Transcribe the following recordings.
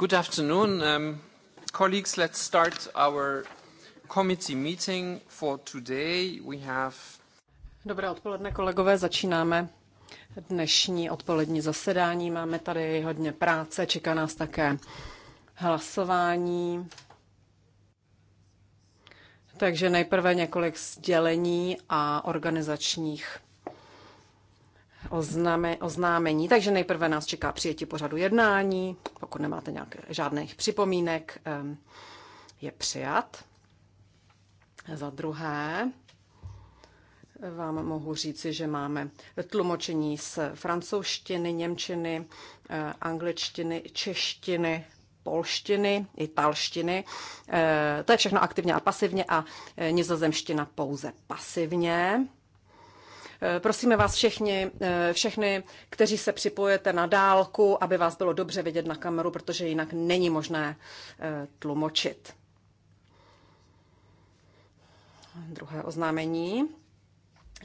Good afternoon, um, colleagues. Let's start our committee meeting for today. We have Dobré odpoledne, kolegové. Začínáme dnešní odpolední zasedání. Máme tady hodně práce, čeká nás také hlasování. Takže nejprve několik sdělení a organizačních oznáme, oznámení. Takže nejprve nás čeká přijetí pořadu jednání. Pokud nemáte nějak, žádných připomínek, je přijat. Za druhé, vám mohu říci, že máme tlumočení z francouzštiny, němčiny, eh, angličtiny, češtiny, polštiny, italštiny. Eh, to je všechno aktivně a pasivně a eh, nizozemština pouze pasivně. Eh, prosíme vás všechny, eh, všechny, kteří se připojete na dálku, aby vás bylo dobře vidět na kameru, protože jinak není možné eh, tlumočit. Druhé oznámení.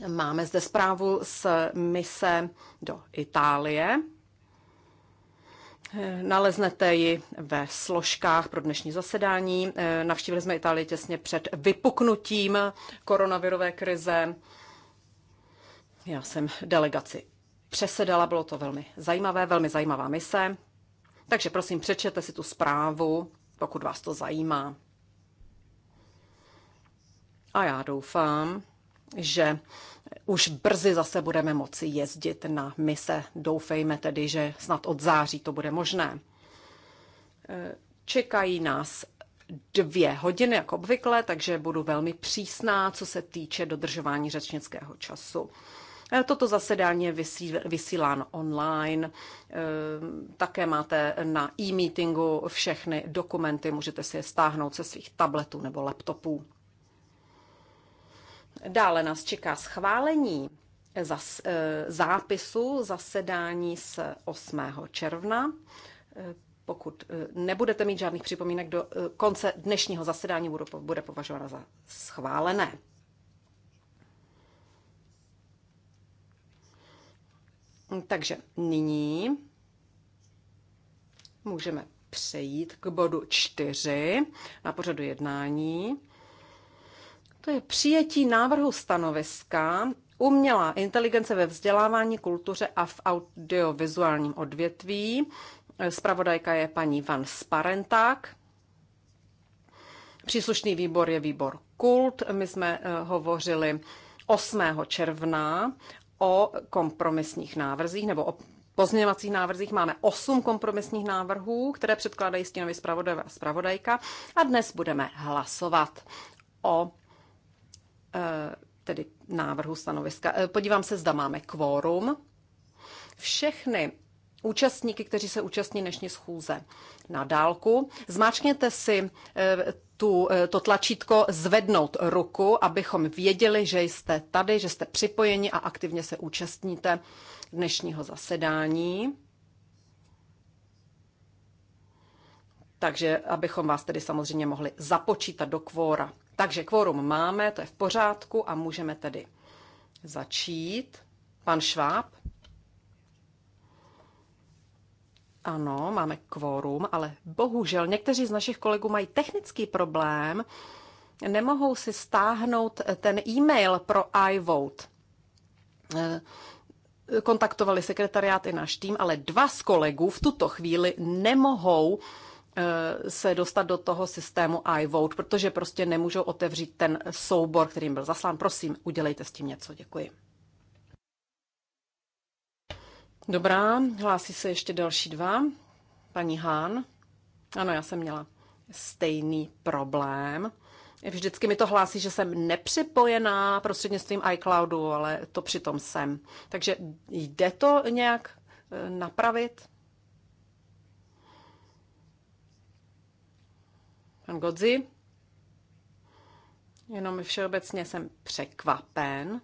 Máme zde zprávu z mise do Itálie. Naleznete ji ve složkách pro dnešní zasedání. Navštívili jsme Itálii těsně před vypuknutím koronavirové krize. Já jsem delegaci přesedala, bylo to velmi zajímavé, velmi zajímavá mise. Takže prosím, přečete si tu zprávu, pokud vás to zajímá. A já doufám, že už brzy zase budeme moci jezdit na mise. Doufejme tedy, že snad od září to bude možné. E, čekají nás dvě hodiny, jako obvykle, takže budu velmi přísná, co se týče dodržování řečnického času. Eh, toto zasedání je vysílán online. Eh, také máte na e-meetingu všechny dokumenty, můžete si je stáhnout ze svých tabletů nebo laptopů. Dále nás čeká schválení eh, zápisu zasedání z 8. června. Pokud nebudete mít žádných připomínek do konce dnešního zasedání, bude považována za schválené. Mm, takže nyní můžeme přejít k bodu čtyři na pořadu jednání. To je přijetí návrhu stanoviska umělá inteligence ve vzdělávání, kultuře a v audiovizuálním odvětví. Spravodajka je paní Van Sparenták. Příslušný výbor je výbor Kult. My jsme eh, hovořili 8. června o kompromisních návrzích nebo o pozměňovacích návrzích máme osm kompromisních návrhů, které předkládají stínový zpravodaj a zpravodajka a dnes budeme hlasovat o e, tedy návrhu stanoviska. E, podívám se, zda máme kvórum. Všechny účastníky, kteří se účastní dnešní schůze na dálku, zmáčkněte si e, tu, eh, to tlačítko zvednout ruku, abychom věděli, že jste tady, že jste připojeni a aktivně se účastníte dnešního zasedání. Takže abychom vás tedy samozřejmě mohli započítat do kvóra. Takže kvórum máme, to je v pořádku a můžeme tedy začít. Pan Šváb. Ano, máme kvórum, ale bohužel někteří z našich kolegů mají technický problém, nemohou si stáhnout ten e-mail pro iVote. Eh, kontaktovali sekretariát i náš tým, ale dva z kolegů v tuto chvíli nemohou eh, se dostat do toho systému iVote, protože prostě nemůžou otevřít ten soubor, kterým byl zaslán. Prosím, udělejte s tím něco. Děkuji. Dobrá, hlásí se ještě další dva. Paní Hán. Ano, já jsem měla stejný problém. Vždycky mi to hlásí, že jsem nepřipojená prostřednictvím iCloudu, ale to přitom jsem. Takže jde to nějak eh, napravit? Pan Godzi? Jenom všeobecně jsem překvapen,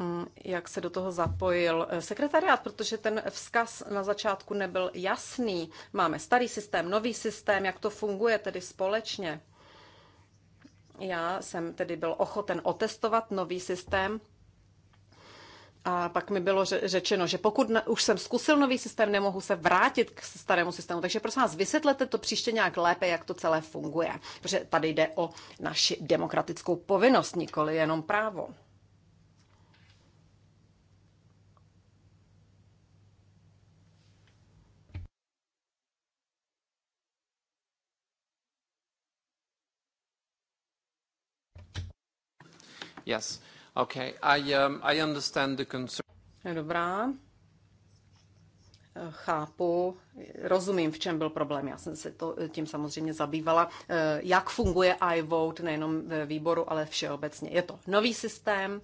Mm, jak se do toho zapojil eh, sekretariát, protože ten vzkaz na začátku nebyl jasný. Máme starý systém, nový systém, jak to funguje tedy společně. Já jsem tedy byl ochoten otestovat nový systém, a pak mi bylo řečeno, že pokud už jsem zkusil nový systém, nemohu se vrátit k starému systému. Takže prosím vás, vysvětlete to příště nějak lépe, jak to celé funguje. Protože tady jde o naši demokratickou povinnost, nikoli jenom právo. Yes. Okay. I, um, I understand the concern. Dobrá. Chápu, rozumím, v čem byl problém. Já jsem se to tím samozřejmě zabývala. Eh, jak funguje iVote, nejenom ve výboru, ale všeobecně. Je to nový systém,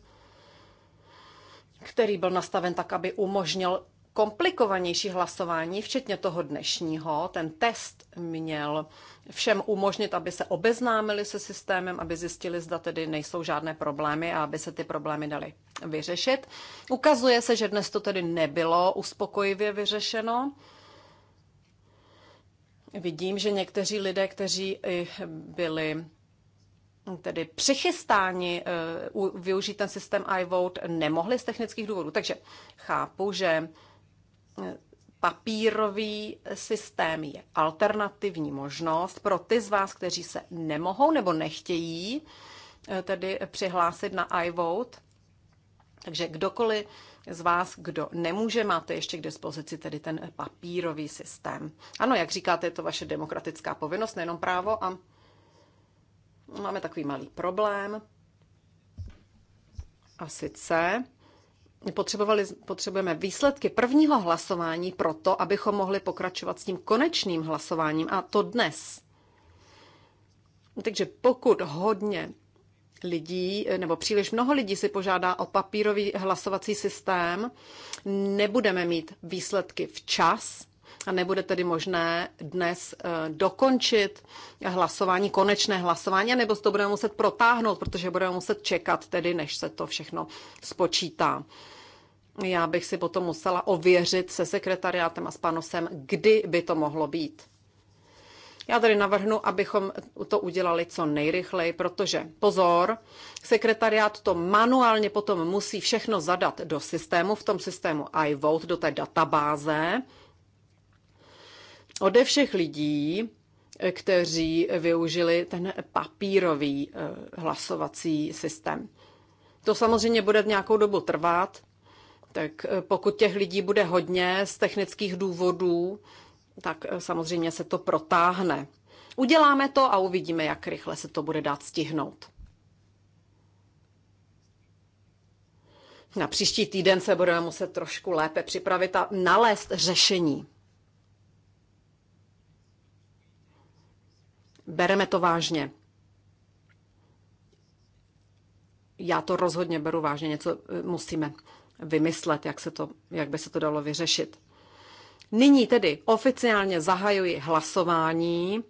který byl nastaven tak, aby umožnil komplikovanější hlasování, včetně toho dnešního. Ten test měl všem umožnit, aby se obeznámili se systémem, aby zjistili, zda tedy nejsou žádné problémy a aby se ty problémy daly vyřešit. Ukazuje se, že dnes to tedy nebylo uspokojivě vyřešeno. Vidím, že někteří lidé, kteří byli tedy přichystáni eh, využít ten systém iVote, nemohli z technických důvodů. Takže chápu, že papírový systém je alternativní možnost pro ty z vás, kteří se nemohou nebo nechtějí eh, tedy přihlásit na iVote. Takže kdokoliv z vás, kdo nemůže, máte ještě k dispozici tedy ten papírový systém. Ano, jak říkáte, je to vaše demokratická povinnost, nejenom právo a máme takový malý problém. A sice potřebovali, potřebujeme výsledky prvního hlasování proto, abychom mohli pokračovat s tím konečným hlasováním a to dnes. Takže pokud hodně lidí nebo příliš mnoho lidí si požádá o papírový hlasovací systém, nebudeme mít výsledky včas a nebude tedy možné dnes eh, dokončit hlasování, konečné hlasování, nebo to budeme muset protáhnout, protože budeme muset čekat tedy, než se to všechno spočítá. Já bych si potom musela ověřit se sekretariátem a s panosem, kdy by to mohlo být. Já tady navrhnu, abychom to udělali co nejrychleji, protože pozor, sekretariát to manuálně potom musí všechno zadat do systému, v tom systému iVote, do té databáze. Ode všech lidí, kteří využili ten papírový eh, hlasovací systém. To samozřejmě bude v nějakou dobu trvat, tak eh, pokud těch lidí bude hodně z technických důvodů, tak eh, samozřejmě se to protáhne. Uděláme to a uvidíme, jak rychle se to bude dát stihnout. Na příští týden se budeme muset trošku lépe připravit a nalézt řešení. Bereme to vážně. Já to rozhodně beru vážně, něco eh, musíme vymyslet, jak, se to, jak by se to dalo vyřešit. Nyní tedy oficiálně zahajuji hlasování.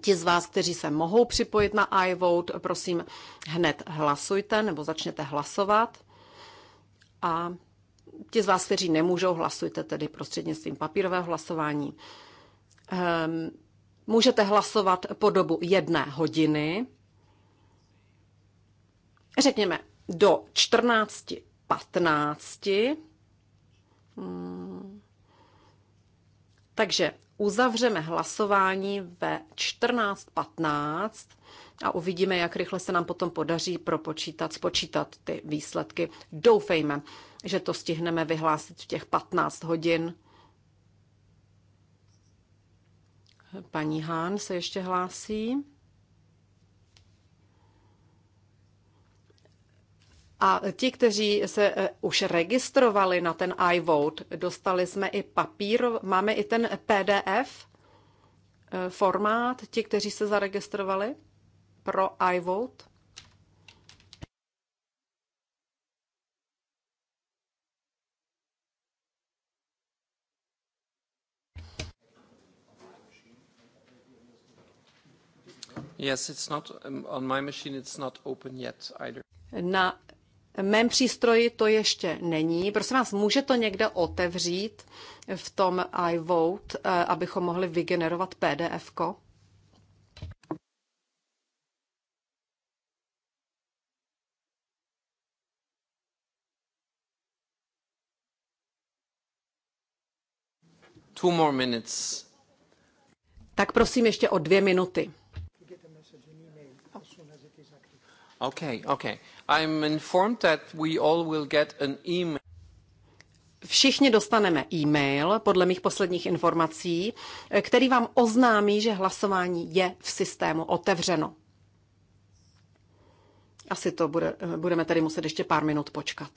Ti z vás, kteří se mohou připojit na iVote, prosím, hned hlasujte nebo začněte hlasovat. A ti z vás, kteří nemůžou, hlasujte tedy prostřednictvím papírového hlasování. Um, můžete hlasovat po dobu jedné hodiny, řekněme do 14 15. Hmm. Takže uzavřeme hlasování ve 14.15 a uvidíme, jak rychle se nám potom podaří propočítat, spočítat ty výsledky. Doufejme, že to stihneme vyhlásit v těch 15 hodin. Paní Hán se ještě hlásí. A ti, kteří se eh, už registrovali na ten iVote, dostali jsme i papír, máme i ten PDF eh, formát, ti, kteří se zaregistrovali pro iVote. Yes, it's not um, on my machine. It's not open yet either. Na mém přístroji to ještě není. Prosím vás, může to někde otevřít v tom iVote, eh, abychom mohli vygenerovat PDF? ko Two more minutes. Tak prosím ještě o dvě minuty. Okay, okay. I'm informed that we all will get an email. Všichni dostaneme e-mail, podle mých posledních informací, který vám oznámí, že hlasování je v systému otevřeno. Asi to bude, budeme tedy muset ještě pár minut počkat.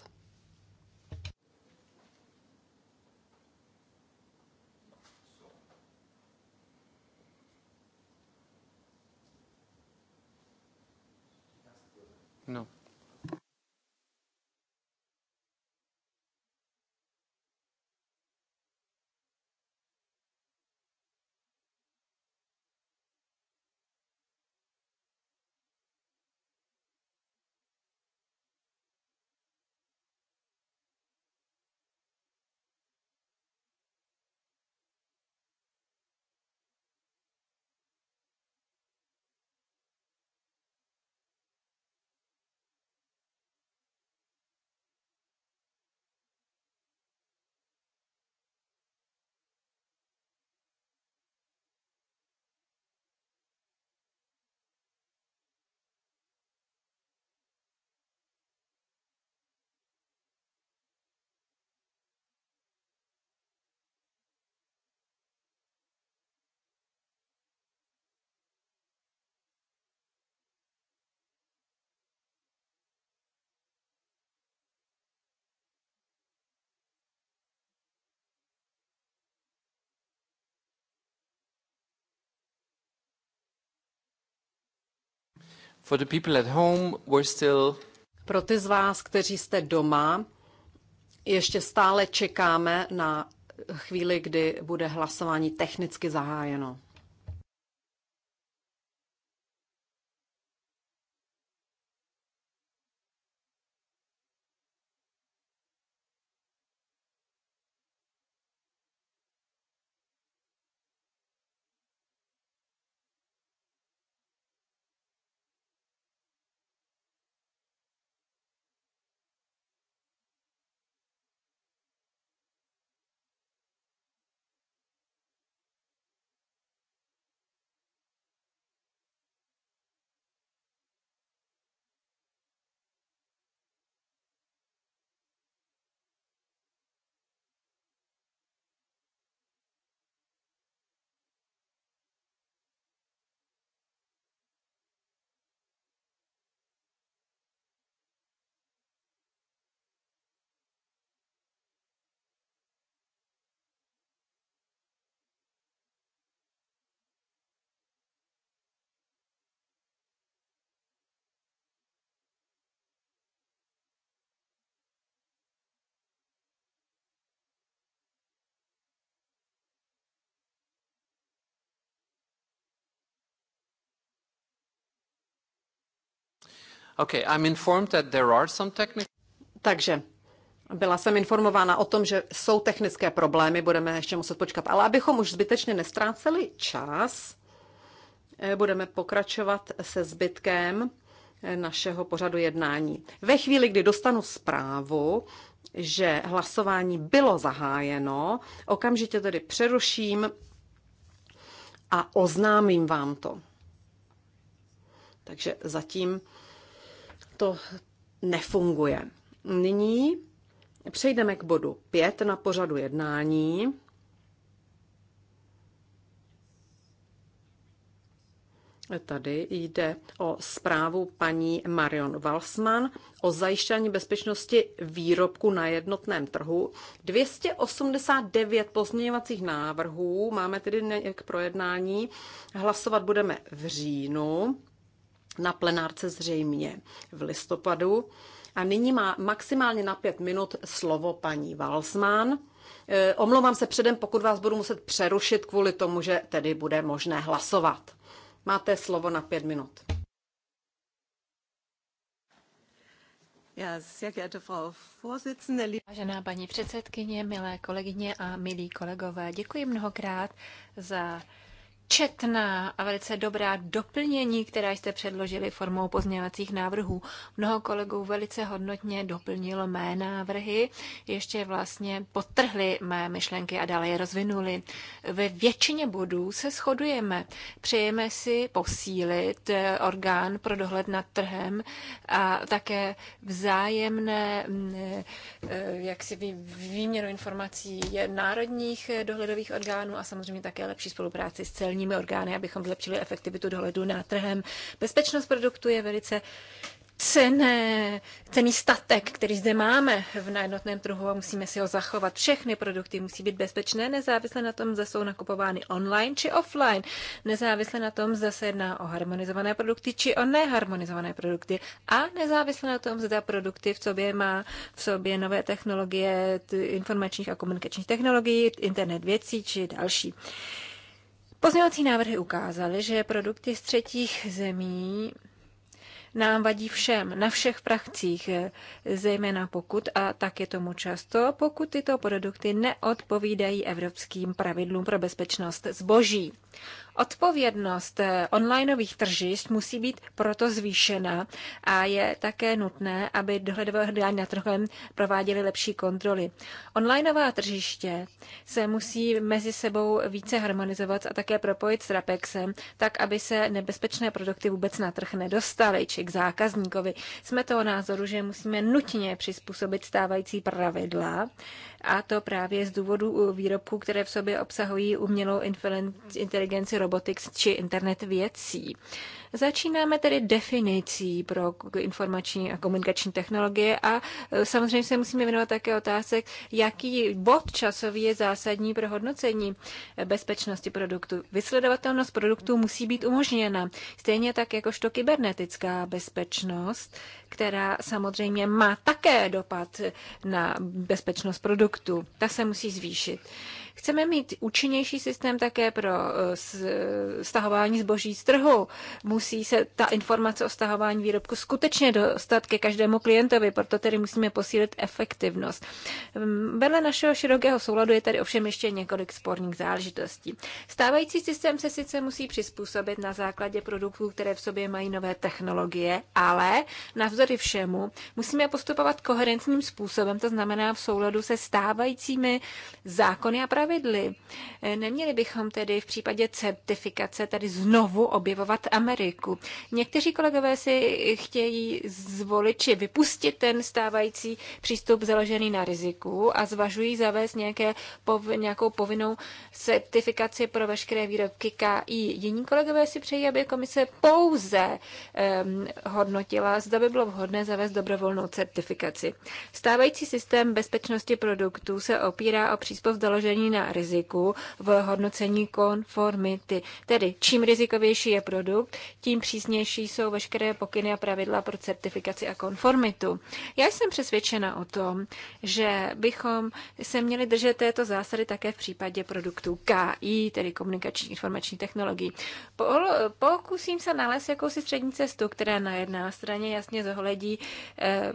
For the people at home, we're still... Pro ty z vás, kteří jste doma, ještě stále čekáme na chvíli, kdy bude hlasování technicky zahájeno. Okay, I'm informed that there are some technical... Takže byla jsem informována o tom, že jsou technické problémy, budeme ještě muset počkat. Ale abychom už zbytečně nestráceli čas, eh, budeme pokračovat se zbytkem eh, našeho pořadu jednání. Ve chvíli, kdy dostanu zprávu, že hlasování bylo zahájeno, okamžitě tedy přeruším a oznámím vám to. Takže zatím to nefunguje. Nyní přejdeme k bodu 5 na pořadu jednání. Tady jde o zprávu paní Marion Walsman o zajištění bezpečnosti výrobku na jednotném trhu. 289 pozměňovacích návrhů máme tedy k projednání. Hlasovat budeme v říjnu na plenárce zřejmě v listopadu. A nyní má maximálně na pět minut slovo paní Valsmán. E, omlouvám se předem, pokud vás budu muset přerušit kvůli tomu, že tedy bude možné hlasovat. Máte slovo na pět minut. Vážená paní předsedkyně, milé kolegyně a milí kolegové, děkuji mnohokrát za četná a velice dobrá doplnění, která jste předložili formou pozměňovacích návrhů. Mnoho kolegů velice hodnotně doplnilo mé návrhy, ještě vlastně potrhli mé myšlenky a dále je rozvinuli. Ve většině bodů se shodujeme. Přejeme si posílit eh, orgán pro dohled nad trhem a také vzájemné mm, eh, eh, jak si výměnu informací národních dohledových orgánů a samozřejmě také lepší spolupráci s celní unijními orgány, abychom zlepšili efektivitu dohledu na trhem. Bezpečnost produktu je velice cené, cený statek, který zde máme v jednotném trhu a musíme si ho zachovat. Všechny produkty musí být bezpečné, nezávisle na tom, zda jsou nakupovány online či offline, nezávisle na tom, zda se jedná o harmonizované produkty či o neharmonizované produkty a nezávisle na tom, zda produkty v sobě má v sobě nové technologie informačních a komunikačních technologií, internet věcí či další. Uh, Pozměňovací návrhy ukázaly, že produkty z třetích zemí nám vadí všem, na všech prachcích, zejména pokud, a tak je tomu často, pokud tyto produkty neodpovídají evropským pravidlům pro bezpečnost zboží. Odpovědnost eh, onlineových tržišť musí být proto zvýšena a je také nutné, aby dohledové hledání na trhem prováděly lepší kontroly. Onlineová tržiště se musí mezi sebou více harmonizovat a také propojit s RAPEXem, tak aby se nebezpečné produkty vůbec na trh nedostaly či k zákazníkovi. Jsme toho názoru, že musíme nutně přizpůsobit stávající pravidla a to právě z důvodu výrobků, které v sobě obsahují umělou inteligenci robotů Robotics či Internet věcí. Začínáme tedy definicí pro informační a komunikační technologie a e, samozřejmě se musíme věnovat také otázek, jaký bod časový je zásadní pro hodnocení bezpečnosti produktu. Vysledovatelnost produktu musí být umožněna, stejně tak jakožto kybernetická bezpečnost, která samozřejmě má také dopad na bezpečnost produktu. Ta se musí zvýšit. Chceme mít účinnější systém také pro eh, stahování zboží z trhu. Musí se ta informace o stahování výrobku skutečně dostat ke každému klientovi, proto tedy musíme posílit efektivnost. Ehm, vedle našeho širokého souladu je tady ovšem ještě několik sporných záležitostí. Stávající systém se sice musí přizpůsobit na základě produktů, které v sobě mají nové technologie, ale navzory všemu musíme postupovat koherentním způsobem, to znamená v souladu se stávajícími zákony a pravidly pravidly. Neměli bychom tedy v případě certifikace tady znovu objevovat Ameriku. Někteří kolegové si chtějí zvolit či vypustit ten stávající přístup založený na riziku a zvažují zavést nějaké, pov, nějakou povinnou certifikaci pro veškeré výrobky KI. Jiní kolegové si přejí, aby komise pouze um, hodnotila, zda by bylo vhodné zavést dobrovolnou certifikaci. Stávající systém bezpečnosti produktů se opírá o přístup založený na riziku v hodnocení konformity. Tedy čím rizikovější je produkt, tím přísnější jsou veškeré pokyny a pravidla pro certifikaci a konformitu. Já jsem přesvědčena o tom, že bychom se měli držet této zásady také v případě produktů KI, tedy komunikační informační technologií. Pokusím se nalézt jakousi střední cestu, která na jedné straně jasně zohledí eh,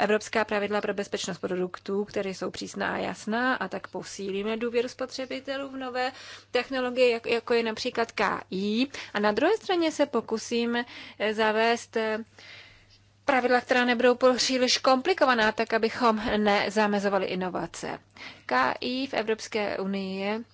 evropská pravidla pro bezpečnost produktů, které jsou přísná a jasná, a tak posílíme důvěru spotřebitelů v nové technologie, jako je například KI. A na druhé straně se pokusíme eh, zavést eh, pravidla, která nebudou příliš komplikovaná, tak abychom nezamezovali inovace. KI v Evropské unii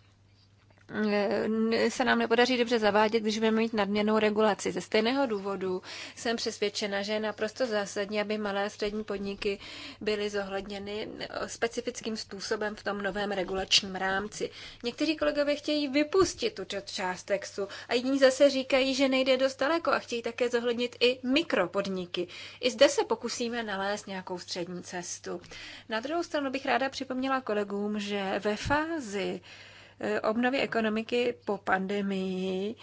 se nám nepodaří dobře zavádět, když budeme mít nadměrnou regulaci. Ze stejného důvodu jsem přesvědčena, že je naprosto zásadní, aby malé a střední podniky byly zohledněny specifickým způsobem v tom novém regulačním rámci. Někteří kolegové chtějí vypustit tu část textu a jiní zase říkají, že nejde dost daleko a chtějí také zohlednit i mikropodniky. I zde se pokusíme nalézt nějakou střední cestu. Na druhou stranu bych ráda připomněla kolegům, že ve fázi, Eh, obnovy ekonomiky po pandemii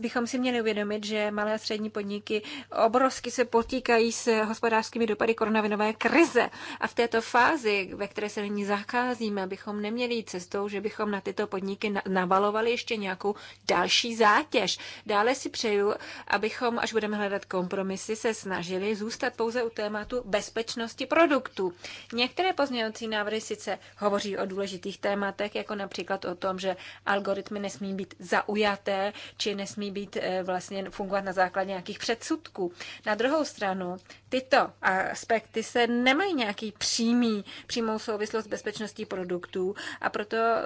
bychom si měli uvědomit, že malé a střední podniky obrovsky se potýkají s hospodářskými dopady koronavinové krize. A v této fázi, ve které se nyní zacházíme, bychom neměli jít cestou, že bychom na tyto podniky navalovali ještě nějakou další zátěž. Dále si přeju, abychom, až budeme hledat kompromisy, se snažili zůstat pouze u tématu bezpečnosti produktů. Některé pozměňovací návrhy sice hovoří o důležitých tématech, jako například o tom, tom, že algoritmy nesmí být zaujaté, či nesmí být eh, vlastně fungovat na základě nějakých předsudků. Na druhou stranu, tyto aspekty se nemají nějaký přímý, přímou souvislost s bezpečností produktů a proto eh,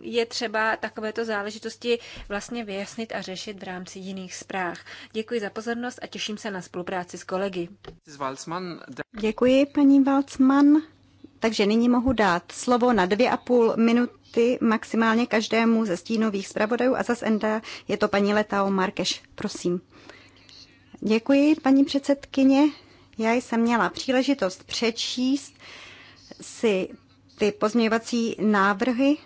je třeba takovéto záležitosti vlastně vyjasnit a řešit v rámci jiných zpráv. Děkuji za pozornost a těším se na spolupráci s kolegy. Děkuji, paní Valcman. Takže nyní mohu dát slovo na dvě a půl minuty maximálně každému ze stínových zpravodajů a za SND je to paní Letao Markeš. Prosím. Děkuji, paní předsedkyně. Já jsem měla příležitost přečíst si ty pozměňovací návrhy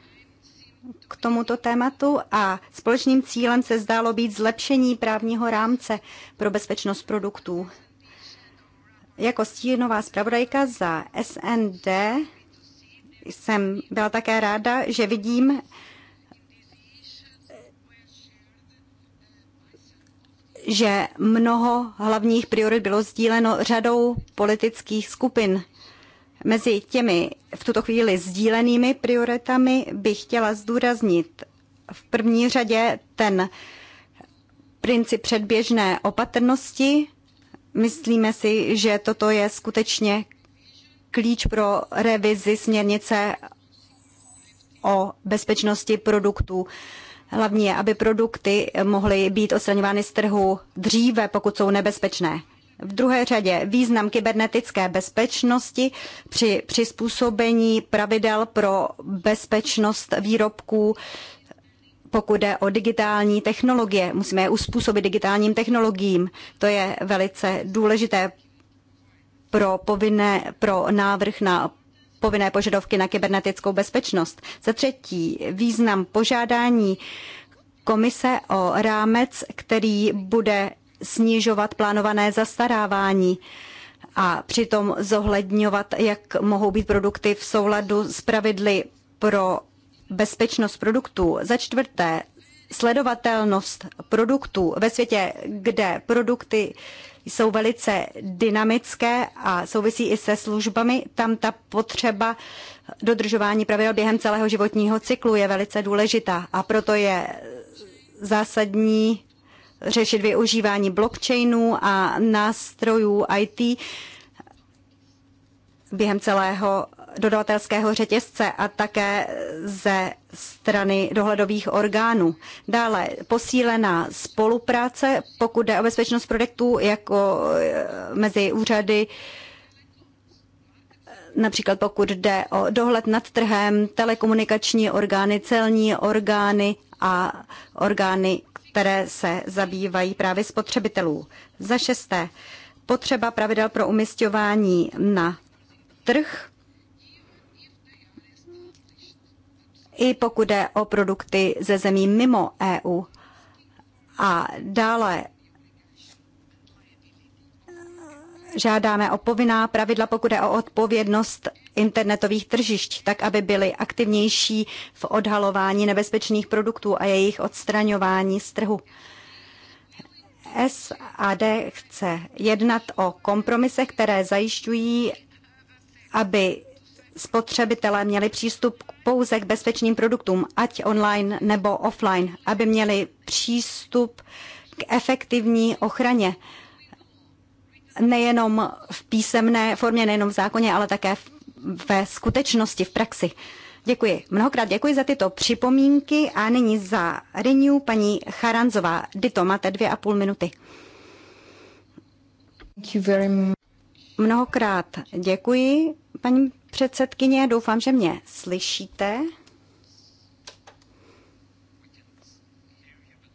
k tomuto tématu a společným cílem se zdálo být zlepšení právního rámce pro bezpečnost produktů. Jako stínová zpravodajka za SND jsem byla také ráda, že vidím, že mnoho hlavních priorit bylo sdíleno řadou politických skupin. Mezi těmi v tuto chvíli sdílenými prioritami bych chtěla zdůraznit v první řadě ten princip předběžné opatrnosti, Myslíme si, že toto je skutečně klíč pro revizi směrnice o bezpečnosti produktů. hlavně aby produkty mohly být odstraňovány z trhu dříve, pokud jsou nebezpečné. V druhé řadě význam kybernetické bezpečnosti při přizpůsobení pravidel pro bezpečnost výrobků pokud jde o digitální technologie. Musíme je uspůsobit digitálním technologiím. To je velice důležité pro, povinné, pro návrh na povinné požadavky na kybernetickou bezpečnost. Za třetí, význam požádání komise o rámec, který bude snižovat plánované zastarávání a přitom zohledňovat, jak mohou být produkty v souladu s pravidly pro bezpečnost produktů. Za čtvrté, sledovatelnost produktů ve světě, kde produkty jsou velice dynamické a souvisí i se službami, tam ta potřeba dodržování pravidel během celého životního cyklu je velice důležitá a proto je zásadní řešit využívání blockchainu a nástrojů IT během celého dodavatelského řetězce a také ze strany dohledových orgánů. Dále posílená spolupráce, pokud jde o bezpečnost produktů, jako eh, mezi úřady, například pokud jde o dohled nad trhem, telekomunikační orgány, celní orgány a orgány, které se zabývají právě spotřebitelů. Za šesté, potřeba pravidel pro umistování na trh i pokud jde o produkty ze zemí mimo EU. A dále žádáme o povinná pravidla, pokud jde o odpovědnost internetových tržišť, tak aby byly aktivnější v odhalování nebezpečných produktů a jejich odstraňování z trhu. SAD chce jednat o kompromisech, které zajišťují, aby spotřebitelé měli přístup pouze k bezpečným produktům, ať online nebo offline, aby měli přístup k efektivní ochraně nejenom v písemné formě, nejenom v zákoně, ale také ve skutečnosti, v praxi. Děkuji. Mnohokrát děkuji za tyto připomínky a nyní za Renew paní Charanzová. Dito, máte dvě a půl minuty. Mnohokrát děkuji, paní předsedkyně, doufám, že mě slyšíte.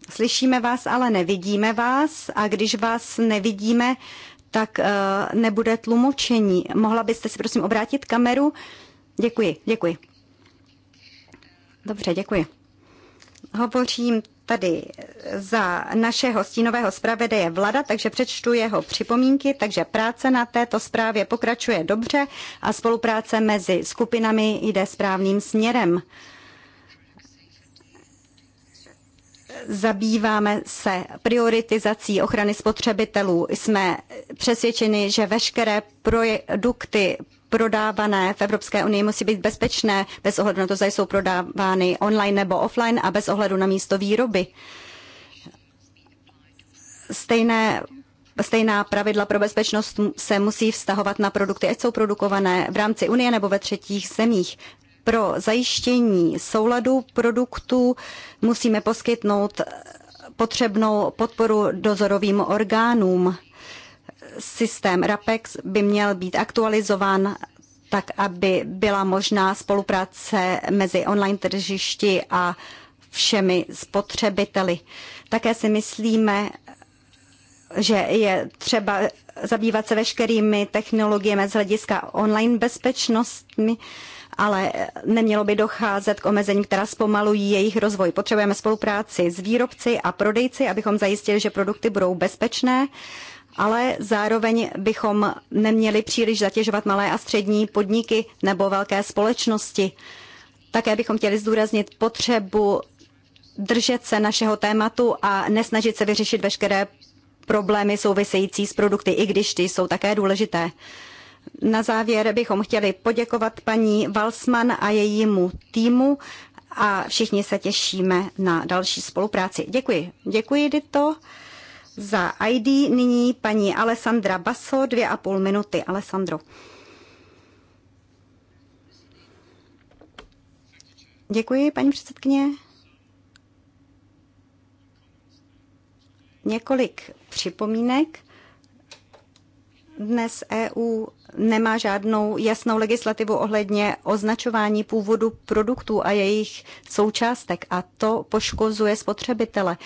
Slyšíme vás, ale nevidíme vás a když vás nevidíme, tak uh, nebude tlumočení. Mohla byste si prosím obrátit kameru? Děkuji, děkuji. Dobře, děkuji. Hovořím tady za našeho stínového zpravodaje Vlada, takže přečtu jeho připomínky, takže práce na této zprávě pokračuje dobře a spolupráce mezi skupinami jde správným směrem. zabýváme se prioritizací ochrany spotřebitelů. Jsme přesvědčeni, že veškeré produkty prodávané v Evropské unii musí být bezpečné bez ohledu na to, zda jsou prodávány online nebo offline a bez ohledu na místo výroby. Stejné Stejná pravidla pro bezpečnost se musí vztahovat na produkty, ať jsou produkované v rámci Unie nebo ve třetích zemích. Pro zajištění souladu produktů musíme poskytnout potřebnou podporu dozorovým orgánům systém RAPEX by měl být aktualizován tak, aby byla možná spolupráce mezi online tržišti a všemi spotřebiteli. Také si myslíme, že je třeba zabývat se veškerými technologiemi z hlediska online bezpečnostmi, ale nemělo by docházet k omezením, která zpomalují jejich rozvoj. Potřebujeme spolupráci s výrobci a prodejci, abychom zajistili, že produkty budou bezpečné ale zároveň bychom neměli příliš zatěžovat malé a střední podniky nebo velké společnosti. Také bychom chtěli zdůraznit potřebu držet se našeho tématu a nesnažit se vyřešit veškeré problémy související s produkty, i když ty jsou také důležité. Na závěr bychom chtěli poděkovat paní Valsman a jejímu týmu a všichni se těšíme na další spolupráci. Děkuji. Děkuji, Dito za ID. Nyní paní Alessandra Basso, dvě a půl minuty. Alessandro. Děkuji, paní předsedkyně. Několik připomínek. Dnes EU nemá žádnou jasnou legislativu ohledně označování původu produktů a jejich součástek a to poškozuje spotřebitele,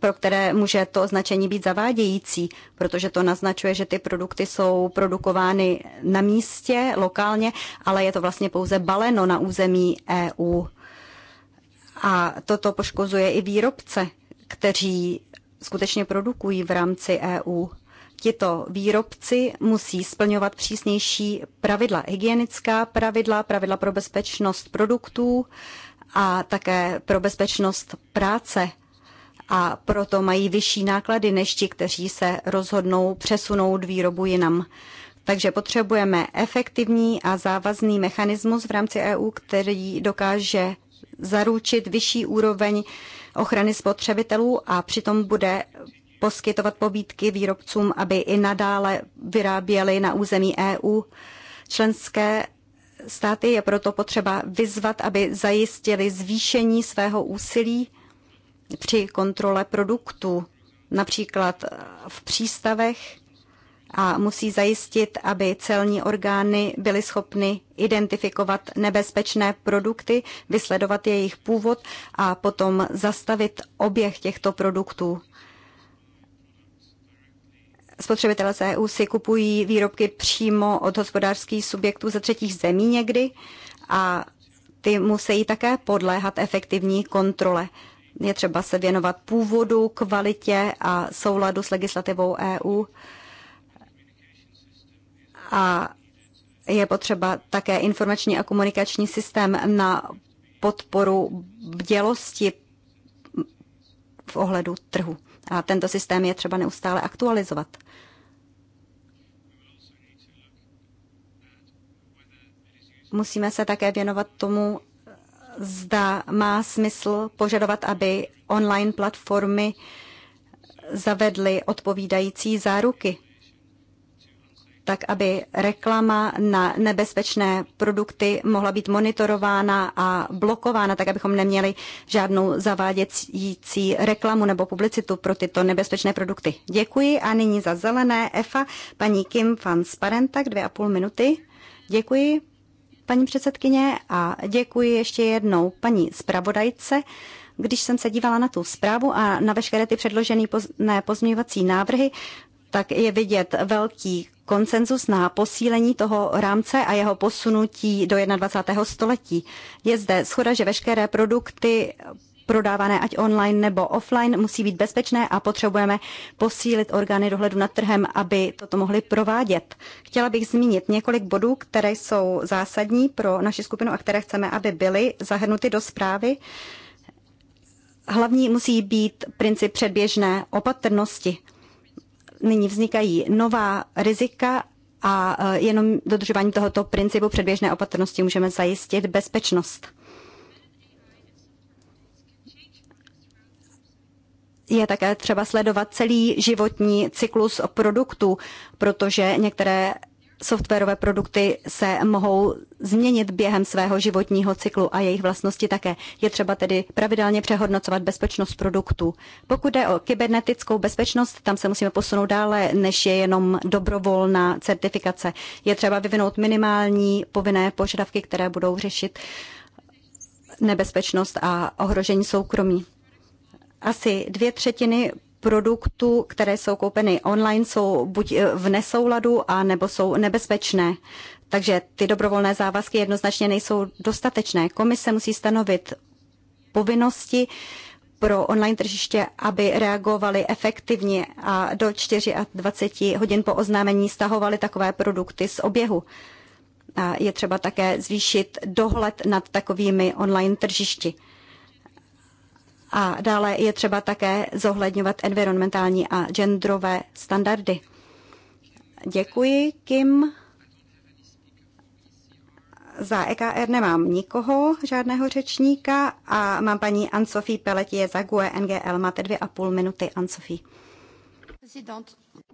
pro které může to označení být zavádějící, protože to naznačuje, že ty produkty jsou produkovány na místě, lokálně, ale je to vlastně pouze baleno na území EU. A toto poškozuje i výrobce, kteří skutečně produkují v rámci EU. Tito výrobci musí splňovat přísnější pravidla, hygienická pravidla, pravidla pro bezpečnost produktů a také pro bezpečnost práce a proto mají vyšší náklady než ti, kteří se rozhodnou přesunout výrobu jinam. Takže potřebujeme efektivní a závazný mechanismus v rámci EU, který dokáže zaručit vyšší úroveň ochrany spotřebitelů a přitom bude poskytovat pobídky výrobcům, aby i nadále vyráběli na území EU. Členské státy je proto potřeba vyzvat, aby zajistili zvýšení svého úsilí při kontrole produktů, například v přístavech a musí zajistit, aby celní orgány byly schopny identifikovat nebezpečné produkty, vysledovat jejich původ a potom zastavit oběh těchto produktů. Spotřebitelé z EU si kupují výrobky přímo od hospodářských subjektů ze třetích zemí někdy a ty musí také podléhat efektivní kontrole. Je třeba se věnovat původu, kvalitě a souladu s legislativou EU. A je potřeba také informační a komunikační systém na podporu bdělosti v ohledu trhu. A tento systém je třeba neustále aktualizovat. Musíme se také věnovat tomu, zda má smysl požadovat, aby online platformy zavedly odpovídající záruky, tak aby reklama na nebezpečné produkty mohla být monitorována a blokována, tak abychom neměli žádnou zavádějící reklamu nebo publicitu pro tyto nebezpečné produkty. Děkuji a nyní za zelené EFA paní Kim van Sparenta, dvě a půl minuty. Děkuji paní předsedkyně, a děkuji ještě jednou paní zpravodajce. Když jsem se dívala na tu zprávu a na veškeré ty předložené pozměňovací návrhy, tak je vidět velký konsenzus na posílení toho rámce a jeho posunutí do 21. století. Je zde schoda, že veškeré produkty prodávané ať online nebo offline, musí být bezpečné a potřebujeme posílit orgány dohledu nad trhem, aby toto mohli provádět. Chtěla bych zmínit několik bodů, které jsou zásadní pro naši skupinu a které chceme, aby byly zahrnuty do zprávy. Hlavní musí být princip předběžné opatrnosti. Nyní vznikají nová rizika a e, jenom dodržování tohoto principu předběžné opatrnosti můžeme zajistit bezpečnost. je také třeba sledovat celý životní cyklus produktu, protože některé softwarové produkty se mohou změnit během svého životního cyklu a jejich vlastnosti také. Je třeba tedy pravidelně přehodnocovat bezpečnost produktů. Pokud jde o kybernetickou bezpečnost, tam se musíme posunout dále, než je jenom dobrovolná certifikace. Je třeba vyvinout minimální povinné požadavky, které budou řešit nebezpečnost a ohrožení soukromí. Asi dvě třetiny produktů, které jsou koupeny online, jsou buď e, v nesouladu, a nebo jsou nebezpečné. Takže ty dobrovolné závazky jednoznačně nejsou dostatečné. Komise musí stanovit povinnosti pro online tržiště, aby reagovali efektivně a do 24 hodin po oznámení stahovali takové produkty z oběhu. A je třeba také zvýšit dohled nad takovými online tržišti. A dále je třeba také zohledňovat environmentální a genderové standardy. Děkuji, Kim. Za EKR nemám nikoho, žádného řečníka a mám paní Ansofí Peletie za GUE NGL. Máte dvě a půl minuty, Ansofí.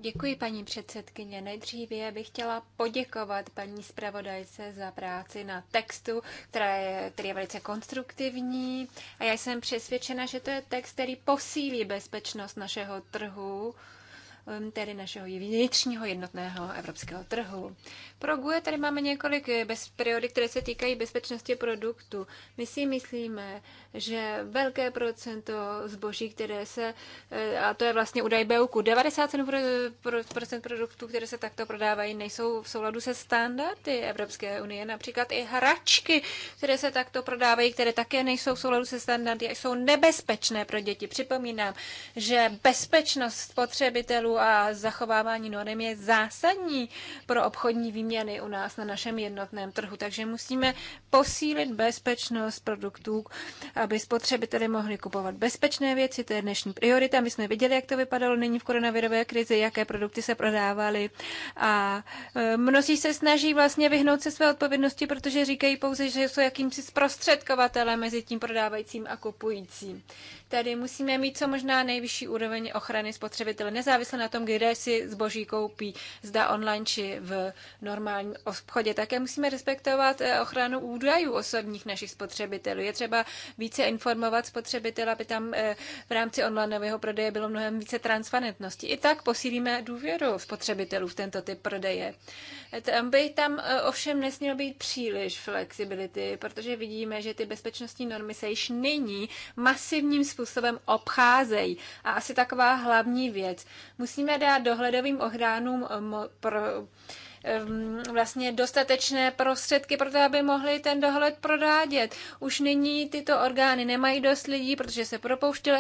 Děkuji, paní předsedkyně. Nejdříve bych chtěla poděkovat paní zpravodajce za práci na textu, která je, který je velice konstruktivní. A já jsem přesvědčena, že to je text, který posílí bezpečnost našeho trhu Um, tedy našeho vnitřního jednotného evropského trhu. Pro GUE tady máme několik eh, bez které se týkají bezpečnosti produktu. My si myslíme, že velké procento zboží, které se, eh, a to je vlastně údaj BUK, 97% produktů, které se takto prodávají, nejsou v souladu se standardy Evropské unie. Například i hračky, které se takto prodávají, které také nejsou v souladu se standardy, jsou nebezpečné pro děti. Připomínám, že bezpečnost spotřebitelů a zachovávání norm je zásadní pro obchodní výměny u nás na našem jednotném trhu. Takže musíme posílit bezpečnost produktů, aby spotřebiteli mohli kupovat bezpečné věci. To je dnešní priorita. My jsme viděli, jak to vypadalo nyní v koronavirové krizi, jaké produkty se prodávaly. A e, mnozí se snaží vlastně vyhnout se své odpovědnosti, protože říkají pouze, že jsou jakýmsi zprostředkovatelem mezi tím prodávajícím a kupujícím. Tady musíme mít co možná nejvyšší úroveň ochrany spotřebitele, nezávisle na tom, kde si zboží koupí, zda online či v normálním obchodě. Také musíme respektovat eh, ochranu údajů osobních našich spotřebitelů. Je třeba více informovat spotřebitele, aby tam eh, v rámci onlineového prodeje bylo mnohem více transparentnosti. I tak posílíme důvěru spotřebitelů v tento typ prodeje. Eh, tam by tam ovšem nesmělo být příliš flexibility, protože vidíme, že ty bezpečnostní normy se již nyní masivním způsobem obcházejí. A asi taková hlavní věc. Musí musíme dát dohledovým ohránům eh, pro, vlastně dostatečné prostředky pro to, aby mohli ten dohled prodádět. Už nyní tyto orgány nemají dost lidí, protože se propouštěl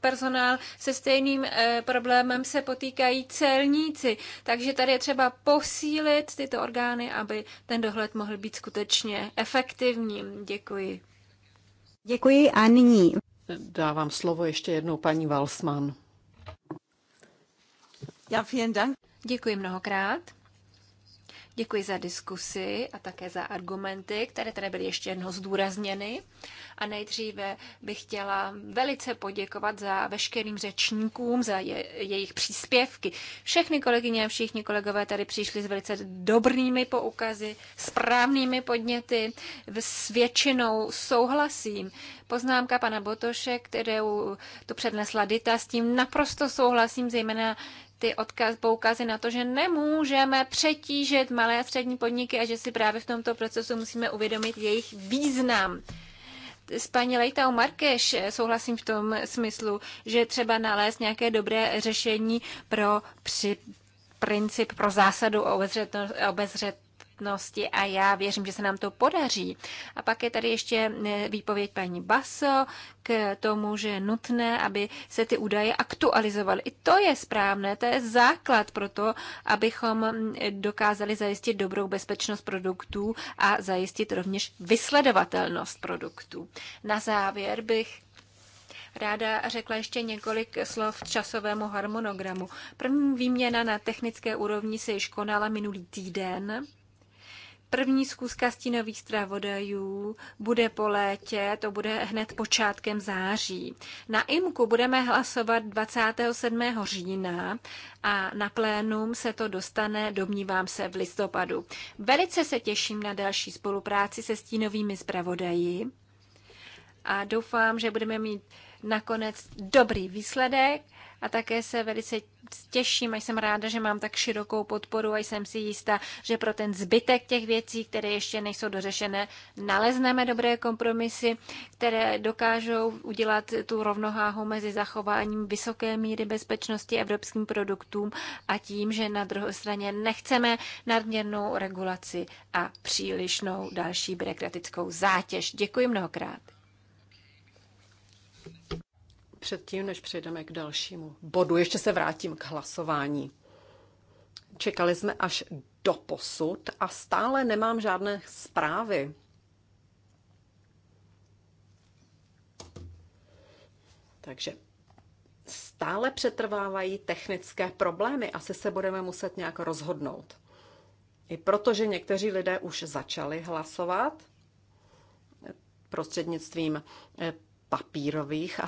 personál, se stejným eh, problémem se potýkají celníci. Takže tady je třeba posílit tyto orgány, aby ten dohled mohl být skutečně efektivní. Děkuji. Děkuji a nyní. Dávám slovo ještě jednou paní Valsman. Ja, vielen Dank. Děkuji mnohokrát. Děkuji za diskusi a také za argumenty, které tady byly ještě jednou zdůrazněny. A nejdříve bych chtěla velice poděkovat za veškerým řečníkům, za je, jejich příspěvky. Všechny kolegyně a všichni kolegové tady přišli s velice dobrými poukazy, správnými podněty, s většinou souhlasím. Poznámka pana Botoše, kterou tu přednesla Dita, s tím naprosto souhlasím, zejména ty odkaz, poukazy na to, že nemůžeme přetížit malé a střední podniky a že si právě v tomto procesu musíme uvědomit jejich význam s paní Lejtou Markeš souhlasím v tom smyslu, že třeba nalézt nějaké dobré řešení pro při princip pro zásadu obezřetno, obezřet, transparentnosti a já věřím, že se nám to podaří. A pak je tady ještě eh, výpověď paní Baso k tomu, že je nutné, aby se ty údaje aktualizovaly. I to je správné, to je základ pro to, abychom mm, dokázali zajistit dobrou bezpečnost produktů a zajistit rovněž vysledovatelnost produktů. Na závěr bych ráda řekla ještě několik slov časovému harmonogramu. První výměna na technické úrovni se již konala minulý týden. První zkuska stínových stravodajů bude po létě, to bude hned počátkem září. Na IMKU budeme hlasovat 27. října a na plénum se to dostane, domnívám se, v listopadu. Velice se těším na další spolupráci se stínovými zpravodaji a doufám, že budeme mít nakonec dobrý výsledek a také se velice těším a jsem ráda, že mám tak širokou podporu a jsem si jistá, že pro ten zbytek těch věcí, které ještě nejsou dořešené, nalezneme dobré kompromisy, které dokážou udělat tu rovnováhu mezi zachováním vysoké míry bezpečnosti evropským produktům a tím, že na druhé straně nechceme nadměrnou regulaci a přílišnou další byrokratickou zátěž. Děkuji mnohokrát. Předtím, než přejdeme k dalšímu bodu, ještě se vrátím k hlasování. Čekali jsme až do posud a stále nemám žádné zprávy. Takže stále přetrvávají technické problémy. Asi se budeme muset nějak rozhodnout. I protože někteří lidé už začali hlasovat prostřednictvím papírových,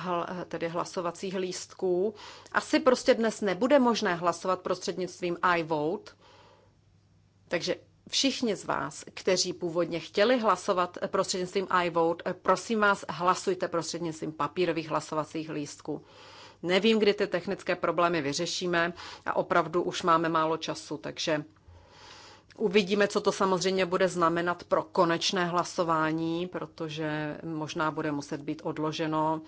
tedy hlasovacích lístků. Asi prostě dnes nebude možné hlasovat prostřednictvím iVote, takže všichni z vás, kteří původně chtěli hlasovat prostřednictvím iVote, prosím vás, hlasujte prostřednictvím papírových hlasovacích lístků. Nevím, kdy ty technické problémy vyřešíme a opravdu už máme málo času, takže Uvidíme, co to samozřejmě bude znamenat pro konečné hlasování, protože možná bude muset být odloženo.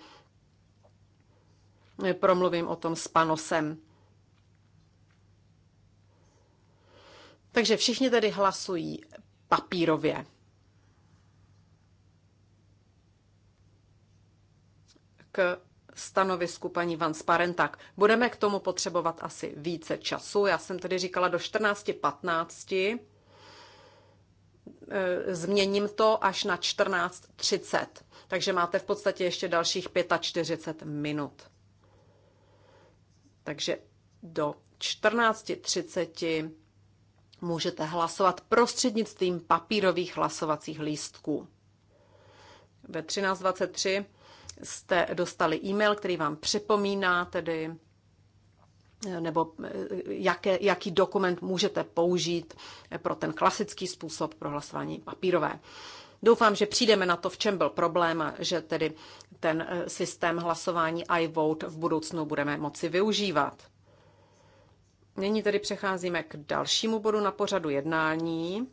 Promluvím o tom s panosem. Takže všichni tedy hlasují papírově. K stanovisku paní Van Sparentak. Budeme k tomu potřebovat asi více času. Já jsem tedy říkala do 14.15. Eh, změním to až na 14.30. Takže máte v podstatě ještě dalších 45 minut. Takže do 14.30 můžete hlasovat prostřednictvím papírových hlasovacích lístků. Ve 13.23 jste dostali e-mail, který vám připomíná tedy eh, nebo eh, jaké, jaký dokument můžete použít eh, pro ten klasický způsob pro hlasování papírové. Doufám, že přijdeme na to, v čem byl problém a že tedy ten systém hlasování iVote v budoucnu budeme moci využívat. Nyní tedy přecházíme k dalšímu bodu na pořadu jednání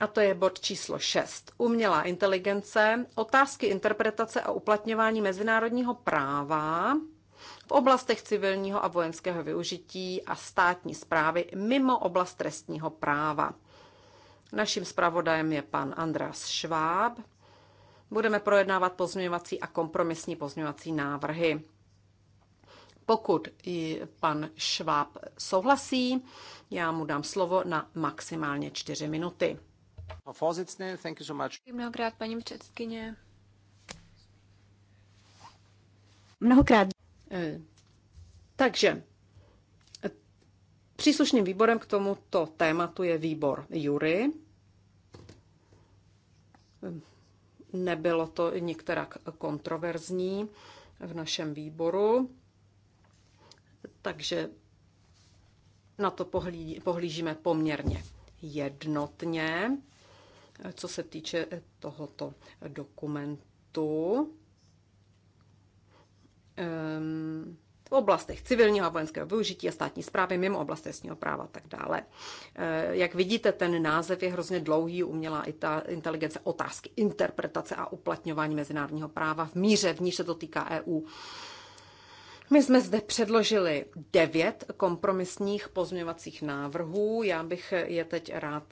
a to je bod číslo 6. Umělá inteligence, otázky interpretace a uplatňování mezinárodního práva v oblastech civilního a vojenského využití a státní zprávy mimo oblast trestního práva. Naším zpravodajem je pan Andreas Šváb. Budeme projednávat pozměňovací a kompromisní pozměňovací návrhy. Pokud i pan Šváb souhlasí, já mu dám slovo na maximálně čtyři minuty. Mnohokrát, paní předsedkyně. Mnohokrát. Eh, takže příslušným výborem k tomuto tématu je výbor Jury. Eh, nebylo to nikterak kontroverzní v našem výboru, takže na to pohlí, pohlížíme poměrně jednotně co se týče tohoto dokumentu ehm, v oblastech civilního a vojenského využití a státní zprávy mimo oblast trestního práva a tak dále. Eh, jak vidíte, ten název je hrozně dlouhý, umělá inteligence, otázky, interpretace a uplatňování mezinárodního práva v míře, v níž se to týká EU. My jsme zde předložili devět kompromisních pozměňovacích návrhů. Já bych je teď rád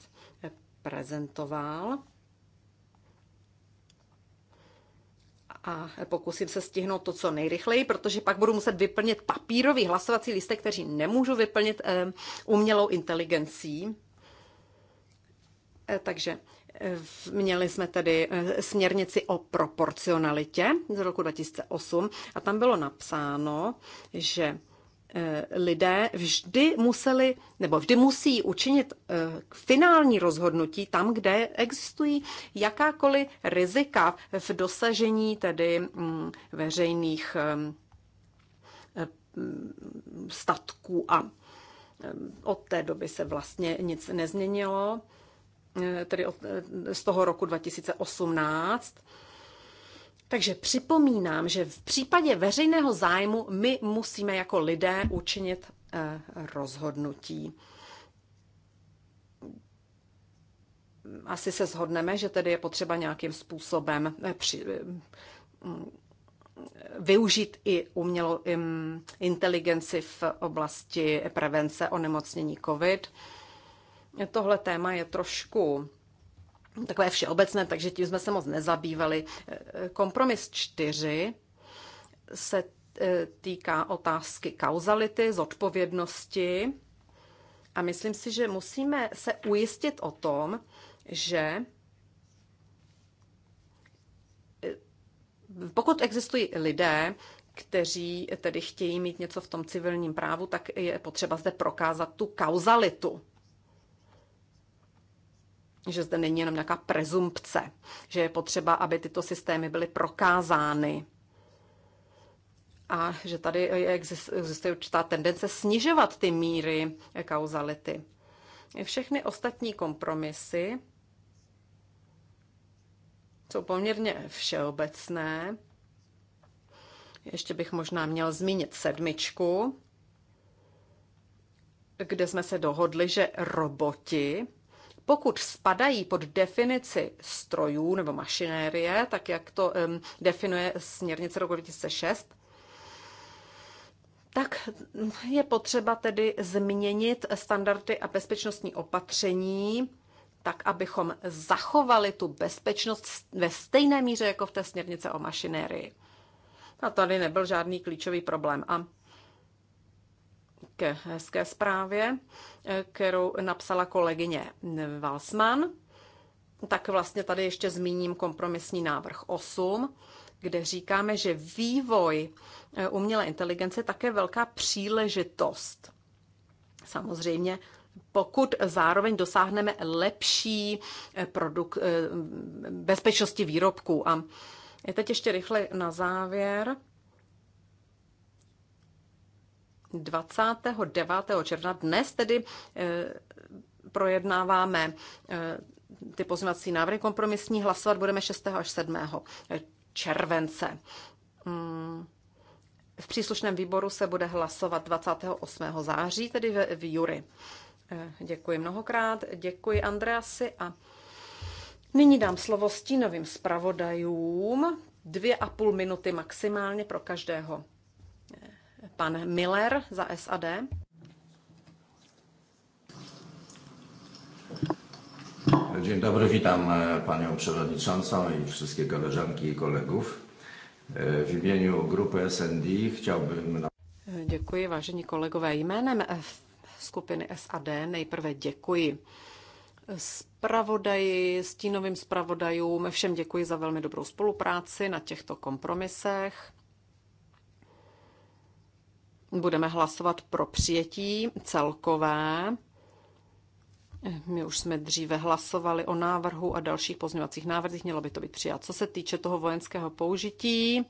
prezentoval. A pokusím se stihnout to co nejrychleji, protože pak budu muset vyplnit papírový hlasovací lístek, který nemůžu vyplnit eh, umělou inteligencí. Eh, takže eh, Měli jsme tedy směrnici o proporcionalitě z roku 2008 a tam bylo napsáno, že Eh, lidé vždy museli, nebo vždy musí učinit eh, finální rozhodnutí tam, kde existují jakákoliv rizika v dosažení tedy mm, veřejných statků a od té doby se vlastně nic nezměnilo, eh, tedy z toho roku 2018 takže připomínám, že v případě veřejného zájmu my musíme jako lidé učinit eh, rozhodnutí. Asi se shodneme, že tedy je potřeba nějakým způsobem eh, při, eh, mm, využít i umělou inteligenci v oblasti prevence onemocnění COVID. Tohle téma je trošku takové všeobecné, takže tím jsme se moc nezabývali. E, e, kompromis 4 se e, týká otázky kauzality, zodpovědnosti a myslím si, že musíme se ujistit o tom, že pokud existují lidé, kteří tedy chtějí mít něco v tom civilním právu, tak je potřeba zde prokázat tu kauzalitu že zde není jenom nějaká prezumpce, že je potřeba, aby tyto systémy byly prokázány a že tady existuje určitá tendence snižovat ty míry kauzality. Všechny ostatní kompromisy jsou poměrně všeobecné. Ještě bych možná měl zmínit sedmičku, kde jsme se dohodli, že roboti pokud spadají pod definici strojů nebo mašinérie, tak jak to um, definuje směrnice roku 2006, tak je potřeba tedy změnit standardy a bezpečnostní opatření, tak abychom zachovali tu bezpečnost ve stejné míře jako v té směrnice o mašinérii. A tady nebyl žádný klíčový problém. A k hezké zprávě, eh, kterou napsala kolegyně Valsman. Tak vlastně tady ještě zmíním kompromisní návrh 8, kde říkáme, že vývoj eh, umělé inteligence je také velká příležitost. Samozřejmě pokud zároveň dosáhneme lepší eh, produkt, bezpečnosti výrobků. A teď ještě rychle na závěr. 29. června. Dnes tedy eh, projednáváme eh, ty pozměňovací návrhy kompromisní. Hlasovat budeme 6. až 7. Eh, července. Hmm. V příslušném výboru se bude hlasovat 28. září, tedy v, jury. Děkuji mnohokrát, děkuji Andreasi a nyní dám slovo stínovým zpravodajům. Dvě a půl minuty maximálně pro každého pan Miller za SAD. Dzień dobry, witam e, panią przewodniczącą i wszystkie koleżanki i kolegów. E, w imieniu grupy SND chciałbym... Děkuji, vážení kolegové. Jménem skupiny SAD nejprve děkuji spravodají stínovým spravodajům. Všem děkuji za velmi dobrou spolupráci na těchto kompromisech budeme hlasovat pro přijetí celkové. My už jsme dříve hlasovali o návrhu a dalších pozměňovacích návrzích, mělo by to být přijat. Co se týče toho vojenského použití,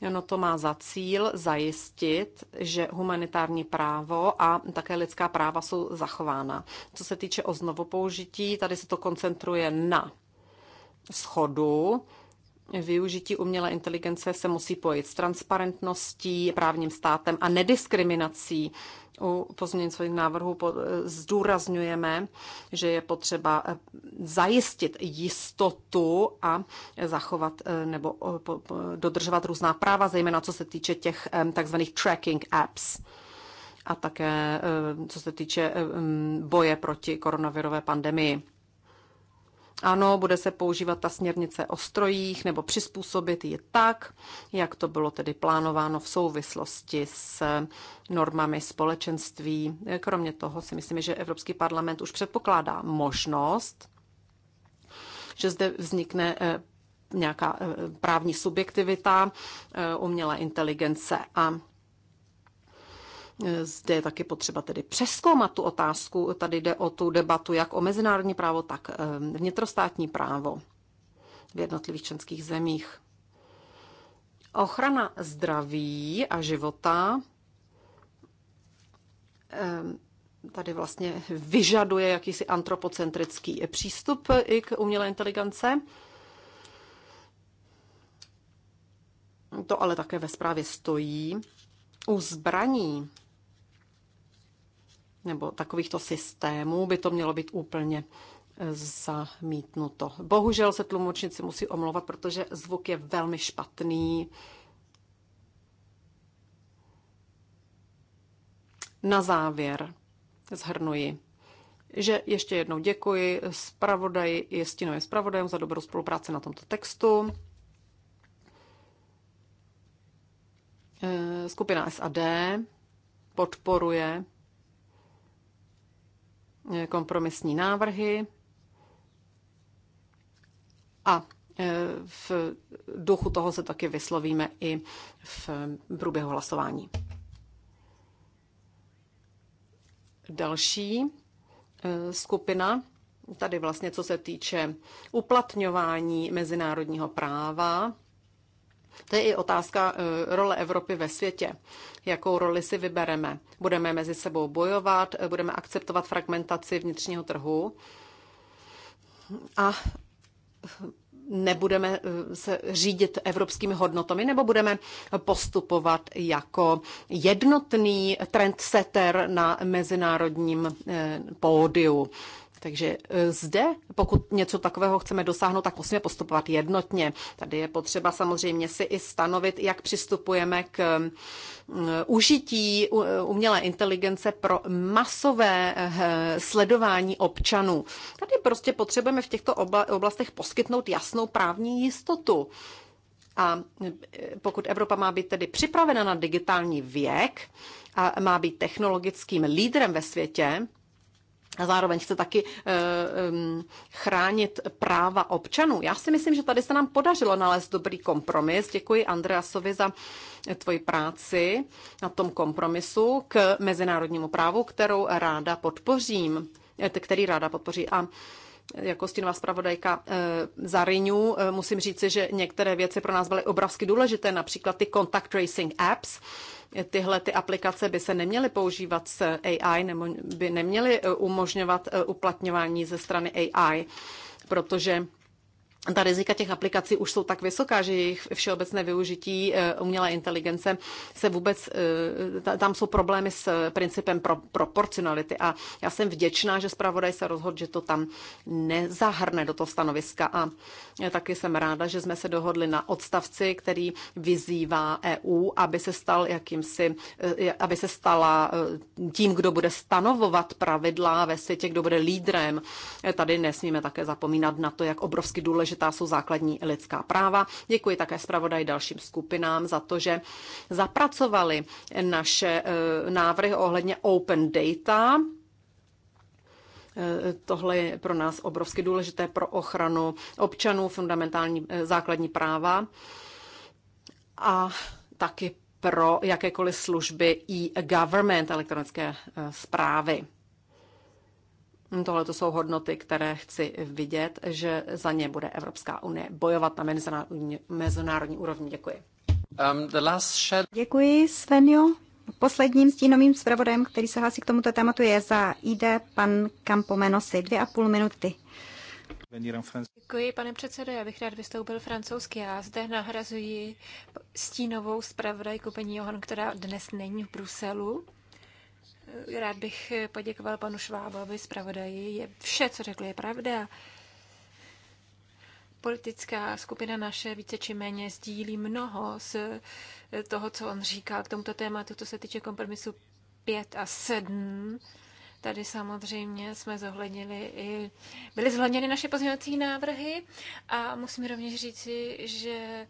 Ono to má za cíl zajistit, že humanitární právo a také lidská práva jsou zachována. Co se týče o použití, tady se to koncentruje na schodu využití umělé inteligence se musí pojit s transparentností, právním státem a nediskriminací. U pozměňovacích návrhů zdůrazňujeme, že je potřeba eh, zajistit jistotu a zachovat eh, nebo eh, dodržovat různá práva, zejména co se týče těch takzvaných tracking apps a také co se týče boje proti koronavirové pandemii. Ano, bude se používat ta směrnice o strojích nebo přizpůsobit ji tak, jak to bylo tedy plánováno v souvislosti s normami společenství. Kromě toho si myslím, že Evropský parlament už předpokládá možnost, že zde vznikne eh, nějaká eh, právní subjektivita, eh, umělé inteligence a E, zde je taky potřeba tedy přeskoumat tu otázku. Tady jde o tu debatu jak o mezinárodní právo, tak e, vnitrostátní právo v jednotlivých členských zemích. Ochrana zdraví a života e, tady vlastně vyžaduje jakýsi antropocentrický přístup i k umělé inteligence. To ale také ve zprávě stojí. U zbraní nebo takovýchto systémů by to mělo být úplně e, zamítnuto. Bohužel se tlumočníci musí omlouvat, protože zvuk je velmi špatný. Na závěr zhrnuji, že ještě jednou děkuji zpravodaji i stínovým zpravodajům za dobrou spolupráci na tomto textu. E, skupina SAD podporuje Eh, kompromisní návrhy a eh, v duchu toho se taky vyslovíme i v průběhu hlasování. Další eh, skupina, tady vlastně co se týče uplatňování mezinárodního práva, to je i otázka e, role Evropy ve světě. Jakou roli si vybereme? Budeme mezi sebou bojovat, e, budeme akceptovat fragmentaci vnitřního trhu a nebudeme e, se řídit evropskými hodnotami, nebo budeme postupovat jako jednotný trendsetter na mezinárodním pódiu. Takže e, zde, pokud něco takového chceme dosáhnout, tak musíme postupovat jednotně. Tady je potřeba samozřejmě si i stanovit, jak přistupujeme k užití umělé inteligence pro masové e, sledování občanů. Tady prostě potřebujeme v těchto oblastech poskytnout jasnou právní jistotu. A e, pokud Evropa má být tedy připravena na digitální věk a má být technologickým lídrem ve světě, a zároveň chce taky eh, chránit práva občanů. Já si myslím, že tady se nám podařilo nalézt dobrý kompromis. Děkuji Andreasovi za tvoji práci na tom kompromisu k mezinárodnímu právu, kterou ráda podpořím, eh, který ráda podpoří. A jako stínová zpravodajka eh, Zariňu, e, musím říci, že některé věci pro nás byly obrovsky důležité, například ty contact tracing apps, tyhle ty aplikace by se neměly používat s AI, nebo by neměly eh, umožňovat eh, uplatňování ze strany AI, protože ta rizika těch aplikací už jsou tak vysoká, že jejich všeobecné využití eh, umělé inteligence se vůbec, eh, tam jsou problémy s eh, principem pro, proporcionality a já jsem vděčná, že zpravodaj se rozhodl, že to tam nezahrne do toho stanoviska a taky jsem ráda, že jsme se dohodli na odstavci, který vyzývá EU, aby se stal jakýmsi, aby se stala tím, kdo bude stanovovat pravidla ve světě, kdo bude lídrem. Tady nesmíme také zapomínat na to, jak obrovsky důležitý důležitá jsou základní lidská práva. Děkuji také zpravodaj dalším skupinám za to, že zapracovali naše eh, návrhy ohledně open data. Eh, tohle je pro nás obrovsky důležité pro ochranu občanů, fundamentální eh, základní práva a taky pro jakékoliv služby e-government, elektronické zprávy. Tohle to jsou hodnoty, které chci vidět, že za ně bude Evropská unie bojovat na mezinárodní, mezinárodní úrovni. Děkuji. Um, the last shed... Děkuji, Svenio. Posledním stínovým zpravodajem, který se hlásí k tomuto tématu, je za ID pan Campomenosi. Dvě a půl minuty. Děkuji, pane předsedo. Já bych rád vystoupil francouzsky. Já zde nahrazuji stínovou zpravodajku paní Johan, která dnes není v Bruselu rád bych poděkoval panu Švábovi, zpravodaji. Je vše, co řekl, je pravda. Politická skupina naše více či méně sdílí mnoho z toho, co on říkal k tomuto tématu, co se týče kompromisu 5 a 7. Tady samozřejmě jsme zohlednili i, byly zohledněny naše pozměňovací návrhy a musím rovněž říci, že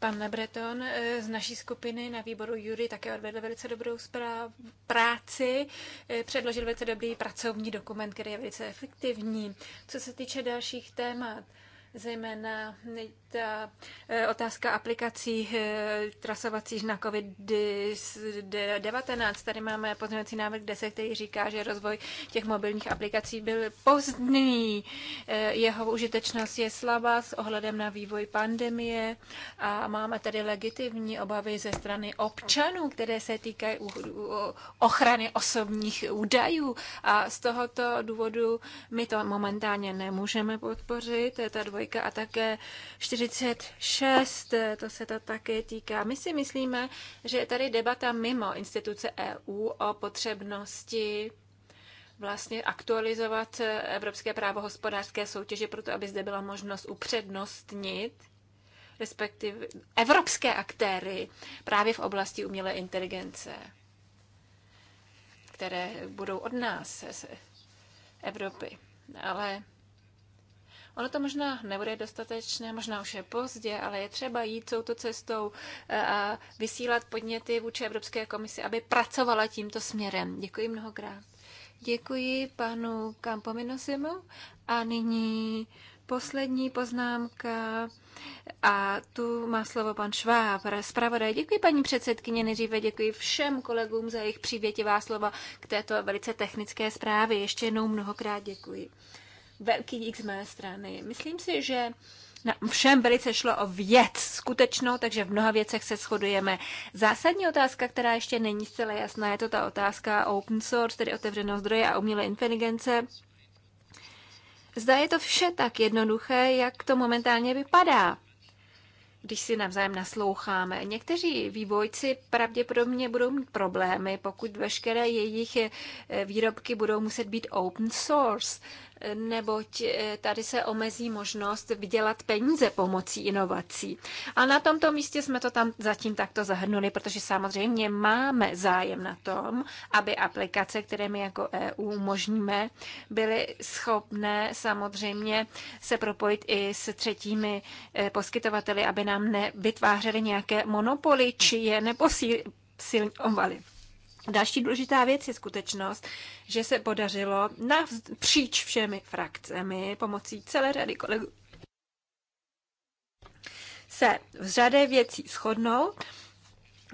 Pan Lebreton eh, z naší skupiny na výboru Jury také odvedl velice dobrou práci, eh, předložil velice dobrý pracovní dokument, který je velice efektivní. Co se týče dalších témat, zejména ta e, otázka aplikací e, trasovacích na COVID-19. Tady máme pozměňovací návrh 10, který říká, že rozvoj těch mobilních aplikací byl pozdní. E, jeho užitečnost je slabá s ohledem na vývoj pandemie a máme tady legitimní obavy ze strany občanů, které se týkají ochrany osobních údajů. A z tohoto důvodu my to momentálně nemůžeme podpořit. Ta dvoj dvojka a také 46, to se to také týká. My si myslíme, že je tady debata mimo instituce EU o potřebnosti vlastně aktualizovat evropské právo hospodářské soutěže, proto aby zde byla možnost upřednostnit respektive evropské aktéry právě v oblasti umělé inteligence, které budou od nás, z Evropy. Ale Ono to možná nebude dostatečné, možná už je pozdě, ale je třeba jít touto cestou eh, a vysílat podněty vůči Evropské komisi, aby pracovala tímto směrem. Děkuji mnohokrát. Děkuji panu Kampominosimu a nyní poslední poznámka a tu má slovo pan Šváb, zpravodaj. Děkuji paní předsedkyně, nejdříve děkuji všem kolegům za jejich přívětivá slova k této velice technické zprávě. Ještě jednou mnohokrát děkuji velký dík z mé strany. Myslím si, že na všem velice šlo o věc skutečnou, takže v mnoha věcech se shodujeme. Zásadní otázka, která ještě není zcela jasná, je to ta otázka open source, tedy otevřeného zdroje a umělé inteligence. Zda je to vše tak jednoduché, jak to momentálně vypadá když si navzájem nasloucháme. Někteří vývojci pravděpodobně budou mít problémy, pokud veškeré jejich výrobky budou muset být open source neboť eh, tady se omezí možnost vydělat peníze pomocí inovací. A na tomto místě jsme to tam zatím takto zahrnuli, protože samozřejmě máme zájem na tom, aby aplikace, které my jako EU umožníme, byly schopné samozřejmě se propojit i s třetími eh, poskytovateli, aby nám nevytvářely nějaké monopoly, či je neposílovali. Další důležitá věc je skutečnost, že se podařilo napříč všemi frakcemi pomocí celé řady kolegů se v řadě věcí shodnout.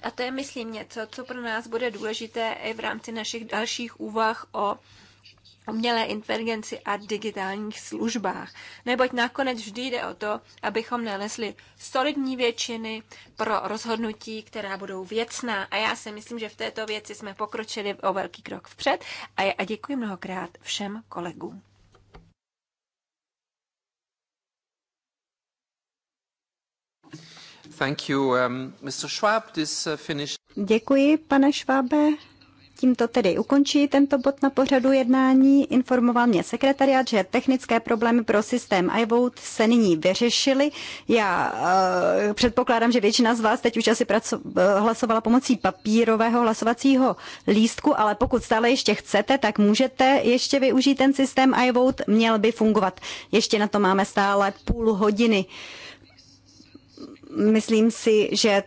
A to je, myslím, něco, co pro nás bude důležité i v rámci našich dalších úvah o umělé inteligenci a digitálních službách. Neboť nakonec vždy jde o to, abychom nalezli solidní většiny pro rozhodnutí, která budou věcná. A já si myslím, že v této věci jsme pokročili o velký krok vpřed a, a děkuji mnohokrát všem kolegům. Thank you, um, Mr. Schwab, this, uh, finish... Děkuji, pane Schwabe tímto tedy ukončí tento bod na pořadu jednání. Informoval mě sekretariat, že technické problémy pro systém iVote se nyní vyřešily. Já uh, předpokládám, že většina z vás teď už asi praco- eh, hlasovala pomocí papírového hlasovacího lístku, ale pokud stále ještě chcete, tak můžete ještě využít ten systém iVote. Měl by fungovat. Ještě na to máme stále půl hodiny myslím si, že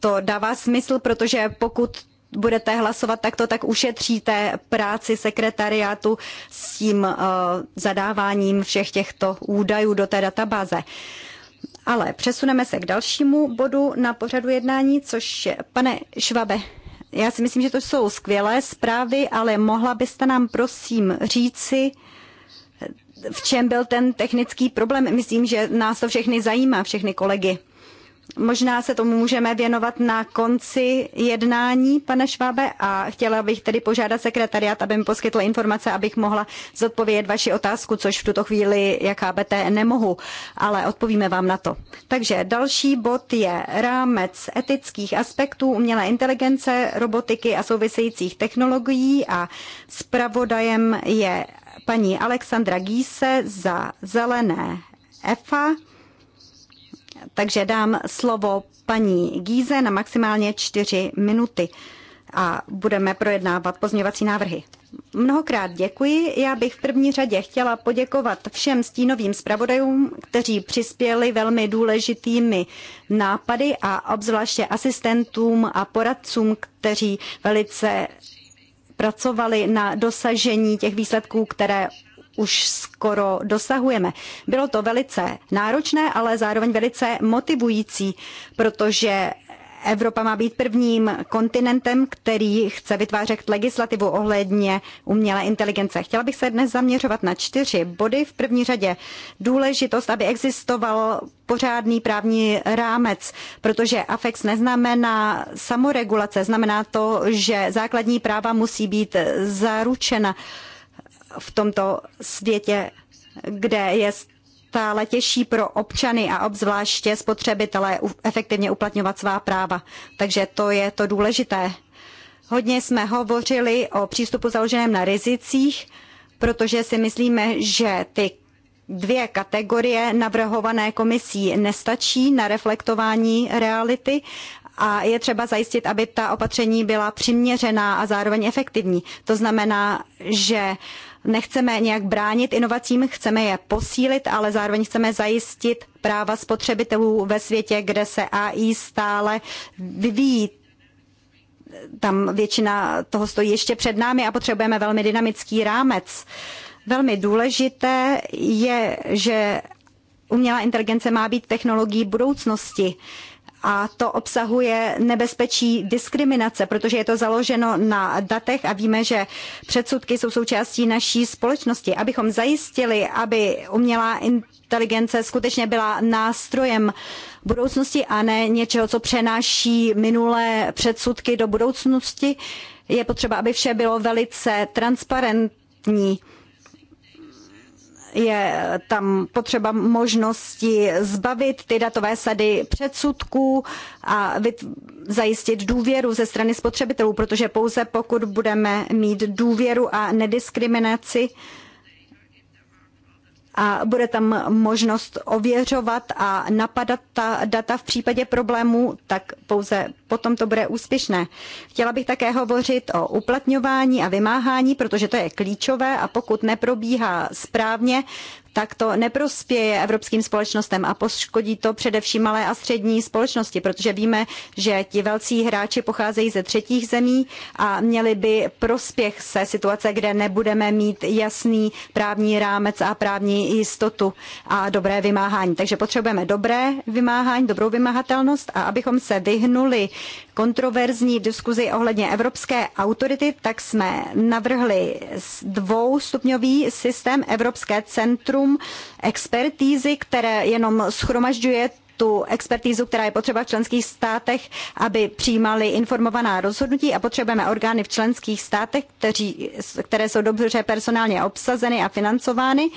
to dává smysl, protože pokud budete hlasovat takto, tak ušetříte práci sekretariátu s tím eh, zadáváním všech těchto údajů do té databáze. Ale přesuneme se k dalšímu bodu na pořadu jednání, což je, pane Švabe, já si myslím, že to jsou skvělé zprávy, ale mohla byste nám prosím říci, v čem byl ten technický problém? Myslím, že nás to všechny zajímá, všechny kolegy. Možná se tomu můžeme věnovat na konci jednání, pane Švábe, a chtěla bych tedy požádat sekretariat, aby mi poskytl informace, abych mohla zodpovědět vaši otázku, což v tuto chvíli jaká BT nemohu, ale odpovíme vám na to. Takže další bod je rámec etických aspektů umělé inteligence, robotiky a souvisejících technologií a zpravodajem je paní Alexandra Gíse za zelené EFA. Takže dám slovo paní Gíze na maximálně čtyři minuty a budeme projednávat pozměvací návrhy. Mnohokrát děkuji. Já bych v první řadě chtěla poděkovat všem stínovým zpravodajům, kteří přispěli velmi důležitými nápady a obzvláště asistentům a poradcům, kteří velice pracovali na dosažení těch výsledků, které už skoro dosahujeme. Bylo to velice náročné, ale zároveň velice motivující, protože Evropa má být prvním kontinentem, který chce vytvářet legislativu ohledně umělé inteligence. Chtěla bych se dnes zaměřovat na čtyři body. V první řadě důležitost, aby existoval pořádný právní rámec, protože AFEX neznamená samoregulace, znamená to, že základní práva musí být zaručena v tomto světě, kde je stále těžší pro občany a obzvláště spotřebitele efektivně uplatňovat svá práva. Takže to je to důležité. Hodně jsme hovořili o přístupu založeném na rizicích, protože si myslíme, že ty dvě kategorie navrhované komisí nestačí na reflektování reality a je třeba zajistit, aby ta opatření byla přiměřená a zároveň efektivní. To znamená, že nechceme nějak bránit inovacím, chceme je posílit, ale zároveň chceme zajistit práva spotřebitelů ve světě, kde se AI stále vyvíjí. Tam většina toho stojí ještě před námi a potřebujeme velmi dynamický rámec. Velmi důležité je, že umělá inteligence má být technologií budoucnosti a to obsahuje nebezpečí diskriminace, protože je to založeno na datech a víme, že předsudky jsou součástí naší společnosti. Abychom zajistili, aby umělá inteligence skutečně byla nástrojem budoucnosti a ne něčeho, co přenáší minulé předsudky do budoucnosti, je potřeba, aby vše bylo velice transparentní je tam potřeba možnosti zbavit ty datové sady předsudků a zajistit důvěru ze strany spotřebitelů, protože pouze pokud budeme mít důvěru a nediskriminaci, a bude tam možnost ověřovat a napadat ta data v případě problémů, tak pouze potom to bude úspěšné. Chtěla bych také hovořit o uplatňování a vymáhání, protože to je klíčové a pokud neprobíhá správně, tak to neprospěje evropským společnostem a poškodí to především malé a střední společnosti, protože víme, že ti velcí hráči pocházejí ze třetích zemí a měli by prospěch se situace, kde nebudeme mít jasný právní rámec a právní jistotu a dobré vymáhání. Takže potřebujeme dobré vymáhání, dobrou vymahatelnost a abychom se vyhnuli kontroverzní diskuzi ohledně evropské autority, tak jsme navrhli dvoustupňový systém Evropské centrum expertízy, které jenom schromažďuje tu expertízu, která je potřeba v členských státech, aby přijímali informovaná rozhodnutí a potřebujeme orgány v členských státech, kteří, které jsou dobře personálně obsazeny a financovány.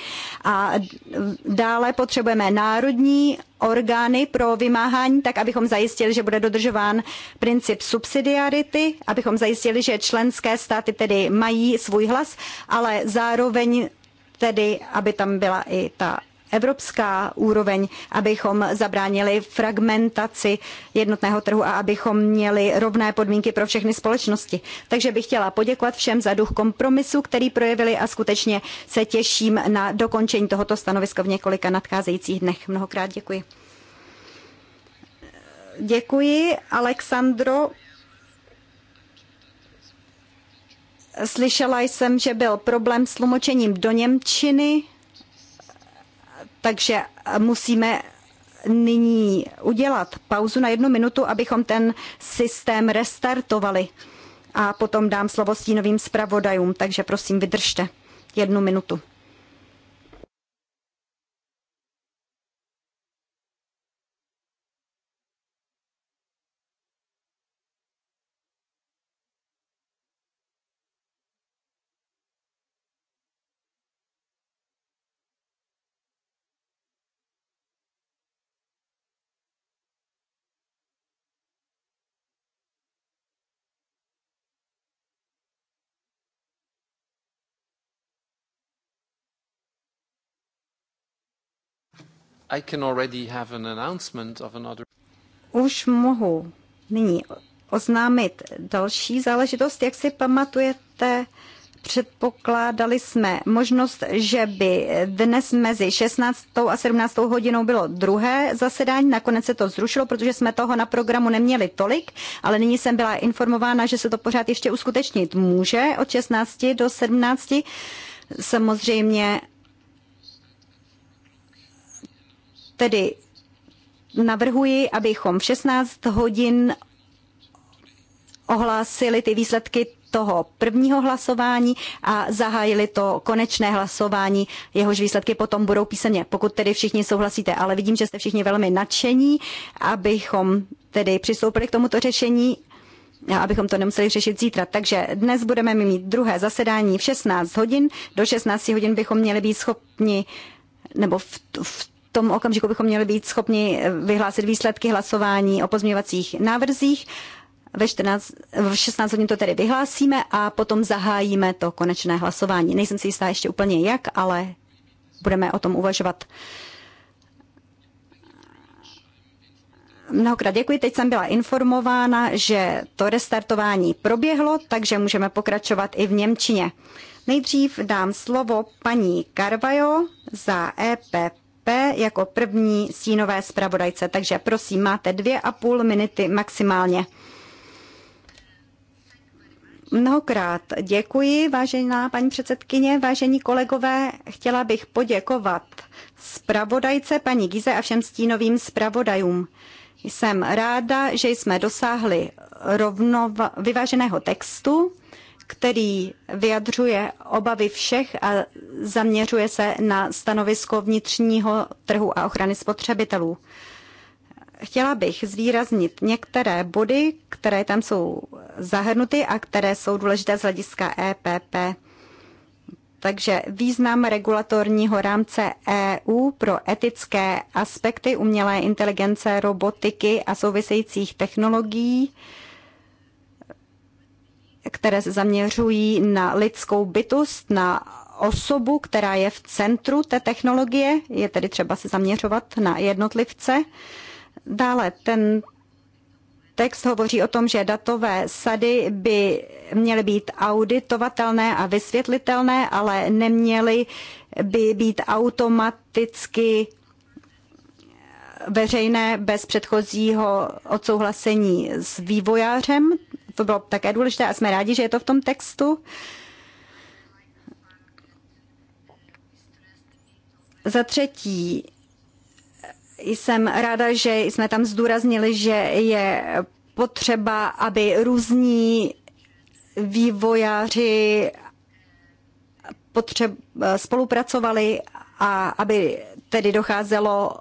A dále potřebujeme národní orgány pro vymáhání, tak abychom zajistili, že bude dodržován princip subsidiarity, abychom zajistili, že členské státy tedy mají svůj hlas, ale zároveň tedy, aby tam byla i ta evropská úroveň, abychom zabránili fragmentaci jednotného trhu a abychom měli rovné podmínky pro všechny společnosti. Takže bych chtěla poděkovat všem za duch kompromisu, který projevili a skutečně se těším na dokončení tohoto stanoviska v několika nadcházejících dnech. Mnohokrát děkuji. Děkuji, Alexandro. Slyšela jsem, že byl problém s tlumočením do Němčiny. Takže musíme nyní udělat pauzu na jednu minutu, abychom ten systém restartovali. A potom dám slovo stínovým zpravodajům, takže prosím vydržte jednu minutu. I can already have an announcement of another... Už mohu nyní oznámit další záležitost. Jak si pamatujete, předpokládali jsme možnost, že by dnes mezi 16. a 17. hodinou bylo druhé zasedání. Nakonec se to zrušilo, protože jsme toho na programu neměli tolik, ale nyní jsem byla informována, že se to pořád ještě uskutečnit může od 16 do 17. Samozřejmě Tedy navrhuji, abychom v 16 hodin ohlásili ty výsledky toho prvního hlasování a zahájili to konečné hlasování. Jehož výsledky potom budou písemně, pokud tedy všichni souhlasíte. Ale vidím, že jste všichni velmi nadšení, abychom tedy přistoupili k tomuto řešení abychom to nemuseli řešit zítra. Takže dnes budeme mít druhé zasedání v 16 hodin. Do 16 hodin bychom měli být schopni, nebo v, v tom okamžiku bychom měli být schopni eh, vyhlásit výsledky hlasování o pozměňovacích návrzích. Ve 14, v 16 hodin to tedy vyhlásíme a potom zahájíme to konečné hlasování. Nejsem si jistá ještě úplně jak, ale budeme o tom uvažovat. Mnohokrát děkuji. Teď jsem byla informována, že to restartování proběhlo, takže můžeme pokračovat i v Němčině. Nejdřív dám slovo paní Carvajo za EPP jako první stínové zpravodajce. Takže prosím, máte dvě a půl minuty maximálně. Mnohokrát děkuji, vážená paní předsedkyně, vážení kolegové. Chtěla bych poděkovat zpravodajce paní Gize a všem stínovým zpravodajům. Jsem ráda, že jsme dosáhli rovno vyváženého textu, který vyjadřuje obavy všech a zaměřuje se na stanovisko vnitřního trhu a ochrany spotřebitelů. Chtěla bych zvýraznit některé body, které tam jsou zahrnuty a které jsou důležité z hlediska EPP. Takže význam regulatorního rámce EU pro etické aspekty umělé inteligence, robotiky a souvisejících technologií které se zaměřují na lidskou bytost, na osobu, která je v centru té technologie. Je tedy třeba se zaměřovat na jednotlivce. Dále ten text hovoří o tom, že datové sady by měly být auditovatelné a vysvětlitelné, ale neměly by být automaticky veřejné bez předchozího odsouhlasení s vývojářem. To bylo také důležité a jsme rádi, že je to v tom textu. Za třetí, jsem ráda, že jsme tam zdůraznili, že je potřeba, aby různí vývojáři potřeb, spolupracovali a aby tedy docházelo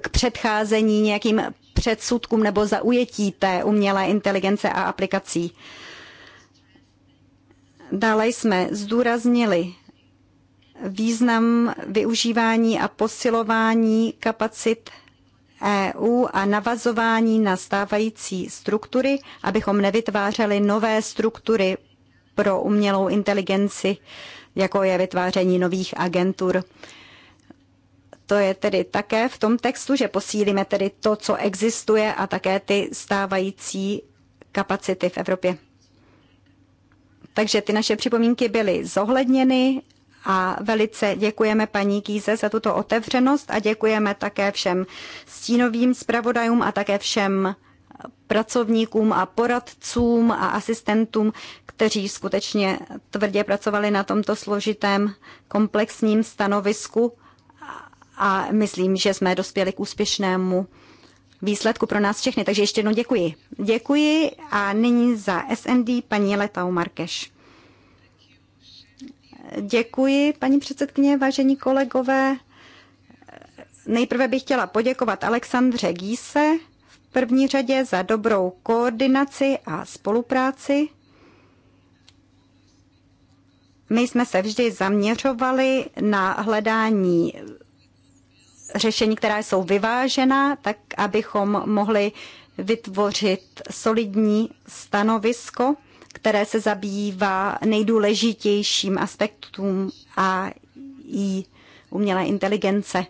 k předcházení nějakým předsudkům nebo zaujetí té umělé inteligence a aplikací. Dále jsme zdůraznili význam využívání a posilování kapacit EU a navazování na stávající struktury, abychom nevytvářeli nové struktury pro umělou inteligenci, jako je vytváření nových agentur. To je tedy také v tom textu, že posílíme tedy to, co existuje a také ty stávající kapacity v Evropě. Takže ty naše připomínky byly zohledněny a velice děkujeme paní Kýze za tuto otevřenost a děkujeme také všem stínovým zpravodajům a také všem pracovníkům a poradcům a asistentům, kteří skutečně tvrdě pracovali na tomto složitém komplexním stanovisku a myslím, že jsme dospěli k úspěšnému výsledku pro nás všechny. Takže ještě jednou děkuji. Děkuji a nyní za SND paní Letau Markeš. Děkuji, paní předsedkyně, vážení kolegové. Nejprve bych chtěla poděkovat Alexandře Gíse v první řadě za dobrou koordinaci a spolupráci. My jsme se vždy zaměřovali na hledání řešení, která jsou vyvážená, tak abychom mohli vytvořit solidní stanovisko, které se zabývá nejdůležitějším aspektům a i umělé inteligence.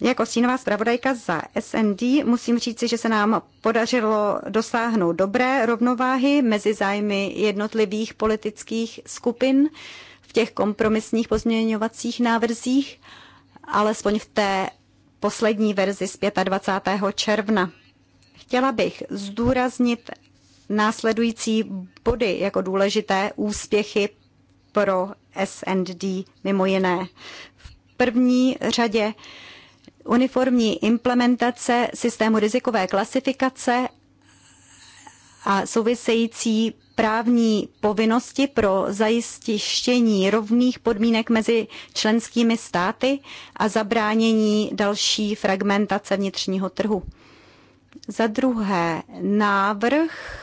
Jako stínová zpravodajka za SND musím říci, že se nám podařilo dosáhnout dobré rovnováhy mezi zájmy jednotlivých politických skupin v těch kompromisních pozměňovacích návrzích alespoň v té poslední verzi z 25. června. Chtěla bych zdůraznit následující body jako důležité úspěchy pro SND mimo jiné. V první řadě uniformní implementace systému rizikové klasifikace a související právní povinnosti pro zajištění rovných podmínek mezi členskými státy a zabránění další fragmentace vnitřního trhu. Za druhé, návrh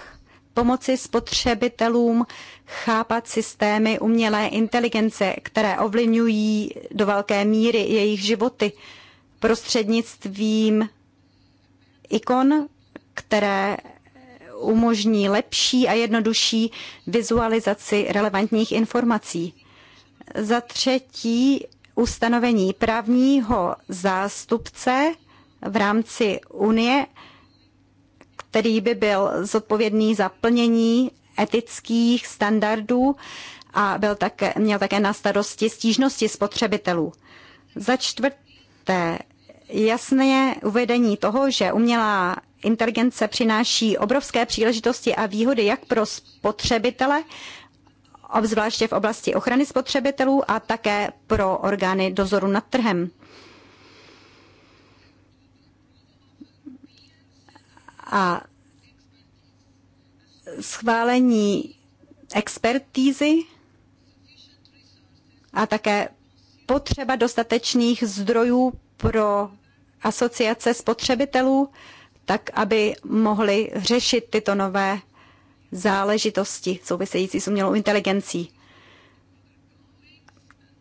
pomoci spotřebitelům chápat systémy umělé inteligence, které ovlivňují do velké míry jejich životy prostřednictvím ikon, které umožní lepší a jednodušší vizualizaci relevantních informací. Za třetí, ustanovení právního zástupce v rámci Unie, který by byl zodpovědný za plnění etických standardů a byl také, měl také na starosti stížnosti spotřebitelů. Za čtvrté, jasné uvedení toho, že umělá inteligence přináší obrovské příležitosti a výhody jak pro spotřebitele, obzvláště v oblasti ochrany spotřebitelů a také pro orgány dozoru nad trhem. A schválení expertízy a také potřeba dostatečných zdrojů pro asociace spotřebitelů tak aby mohli řešit tyto nové záležitosti související s umělou inteligencí.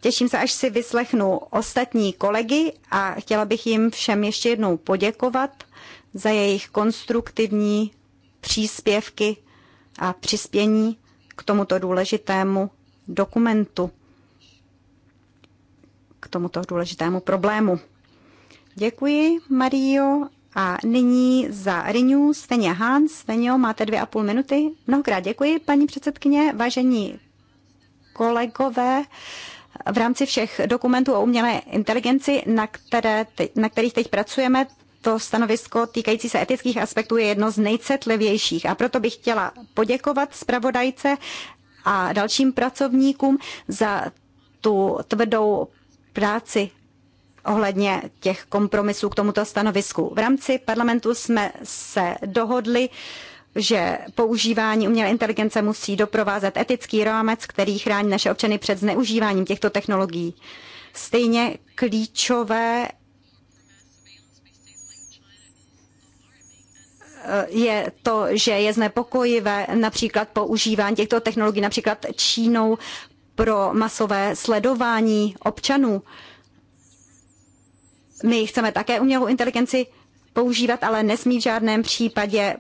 Těším se, až si vyslechnu ostatní kolegy a chtěla bych jim všem ještě jednou poděkovat za jejich konstruktivní příspěvky a přispění k tomuto důležitému dokumentu, k tomuto důležitému problému. Děkuji, Mario, a nyní za Renew Svenja Hans. Svenjo, máte dvě a půl minuty. Mnohokrát děkuji, paní předsedkyně. Vážení kolegové, v rámci všech dokumentů o umělé inteligenci, na, které te, na kterých teď pracujeme, to stanovisko týkající se etických aspektů je jedno z nejcetlivějších. A proto bych chtěla poděkovat zpravodajce a dalším pracovníkům za tu tvrdou práci ohledně těch kompromisů k tomuto stanovisku. V rámci parlamentu jsme se dohodli, že používání umělé inteligence musí doprovázet etický rámec, který chrání naše občany před zneužíváním těchto technologií. Stejně klíčové eh, je to, že je znepokojivé například používání těchto technologií například Čínou pro masové sledování občanů. Uh, my chceme také umělou inteligenci používat, ale nesmí v žádném případě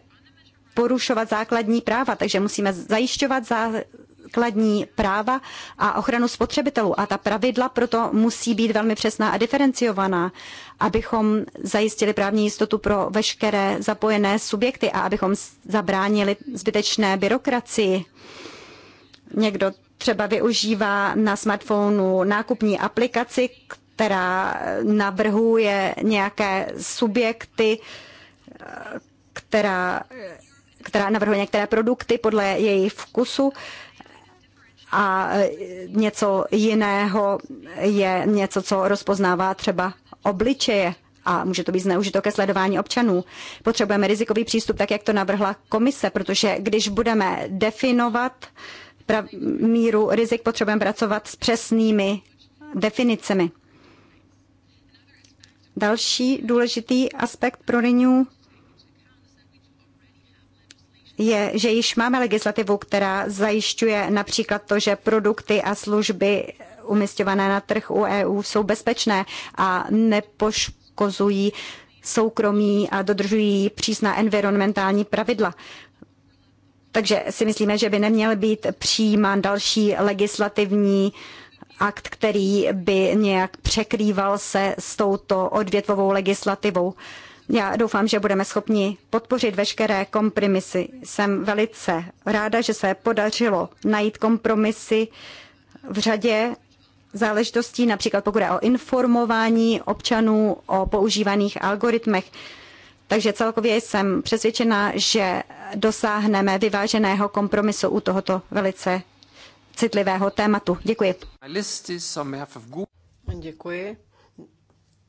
porušovat základní práva, takže musíme zajišťovat základní práva a ochranu spotřebitelů. A ta pravidla proto musí být velmi přesná a diferenciovaná, abychom zajistili právní jistotu pro veškeré zapojené subjekty a abychom zabránili zbytečné byrokracii. Někdo třeba využívá na smartphonu nákupní aplikaci, která navrhuje nějaké subjekty, která, která navrhuje některé produkty podle jejich vkusu a něco jiného je něco, co rozpoznává třeba obličeje a může to být zneužito ke sledování občanů. Potřebujeme rizikový přístup, tak jak to navrhla komise, protože když budeme definovat míru rizik, potřebujeme pracovat s přesnými definicemi. Další důležitý aspekt pro Renew je, že již máme legislativu, která zajišťuje například to, že produkty a služby umistované na trh u EU jsou bezpečné a nepoškozují soukromí a dodržují přísná environmentální pravidla. Takže si myslíme, že by neměl být přijímán další legislativní akt, který by nějak překrýval se s touto odvětvovou legislativou. Já doufám, že budeme schopni podpořit veškeré kompromisy. Jsem velice ráda, že se podařilo najít kompromisy v řadě záležitostí, například pokud je o informování občanů o používaných algoritmech. Takže celkově jsem přesvědčena, že dosáhneme vyváženého kompromisu u tohoto velice citlivého tématu. Děkuji. Děkuji.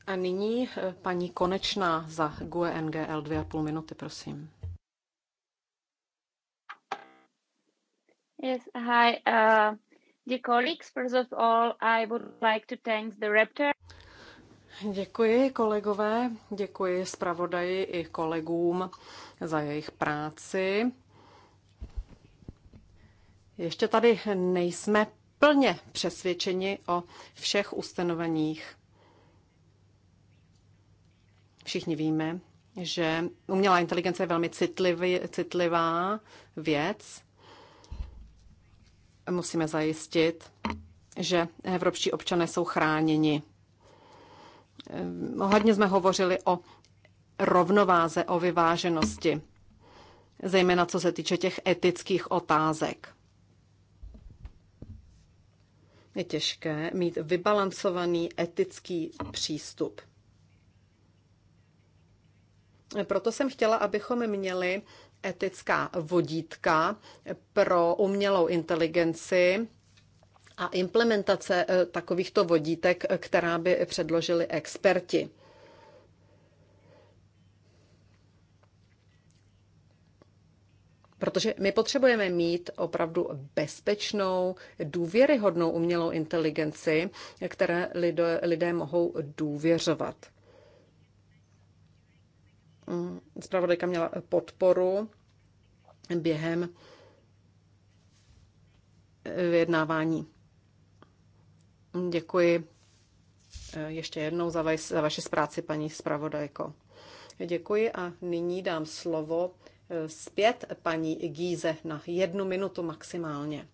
A nyní eh, paní Konečná za GUE NGL dvě a půl minuty, prosím. Yes, hi. Uh, dear colleagues, first of all, I would like to thank the Raptor. Děkuji kolegové, děkuji zpravodaji i kolegům za jejich práci. Ještě tady nejsme plně přesvědčeni o všech ustanoveních. Všichni víme, že umělá inteligence je velmi citlivý, citlivá věc. Musíme zajistit, že evropští občané jsou chráněni. Ehm, hodně jsme hovořili o rovnováze, o vyváženosti, zejména co se týče těch etických otázek je těžké mít vybalancovaný etický přístup. Proto jsem chtěla, abychom měli etická vodítka pro umělou inteligenci a implementace eh, takovýchto vodítek, která by předložili experti. Protože my potřebujeme mít opravdu bezpečnou, důvěryhodnou umělou inteligenci, které lidé, lidé mohou důvěřovat. Mm, zpravodajka měla podporu během eh, vyjednávání. Děkuji eh, ještě jednou za, vaš, za vaši zpráci, paní zpravodajko. Děkuji a nyní dám slovo zpět paní Gíze na jednu minutu maximálně.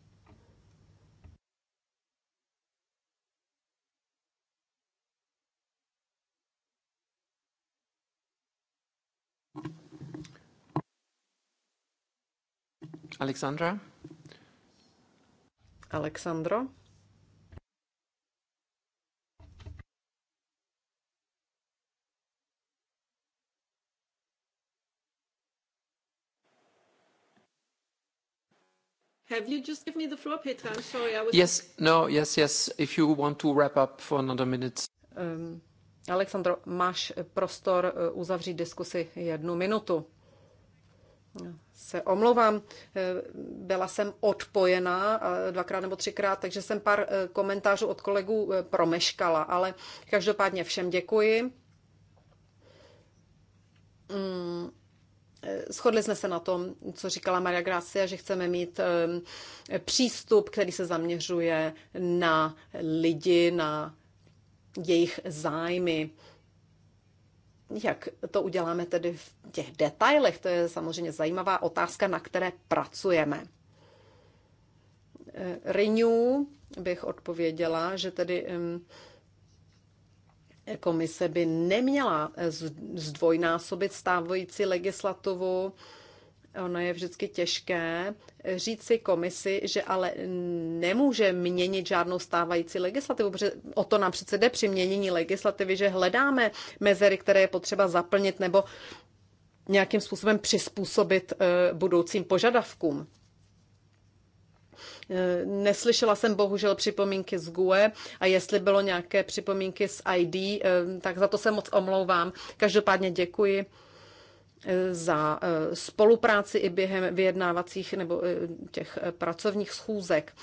Alexandra? Alexandro? Have you just given me the floor, Petra? I'm sorry, I was... Yes, no, yes, yes. If you want to wrap up for another minute. Um, Alexandro, máš prostor uh, uzavřít diskusi jednu minutu. Se omlouvám, uh, byla jsem odpojená uh, dvakrát nebo třikrát, takže jsem pár komentářů od kolegů promeškala, ale každopádně všem děkuji. Mm Eh, shodli jsme se na tom, co říkala Maria Gracia, že chceme mít eh, přístup, který se zaměřuje na lidi, na jejich zájmy. Jak to uděláme tedy v těch detailech, to je samozřejmě zajímavá otázka, na které pracujeme. Eh, Renew bych odpověděla, že tedy Komise by neměla eh, zdvojnásobit stávající legislativu. Ono je vždycky těžké říct si komisi, že ale nemůže měnit žádnou stávající legislativu, protože o to nám přece jde při měnění legislativy, že hledáme mezery, které je potřeba zaplnit nebo nějakým způsobem přizpůsobit eh, budoucím požadavkům. Eh, neslyšela jsem bohužel připomínky z GUE a jestli bylo nějaké připomínky z ID, eh, tak za to se moc omlouvám. Každopádně děkuji eh, za spolupráci i během vyjednávacích nebo těch pracovních schůzek.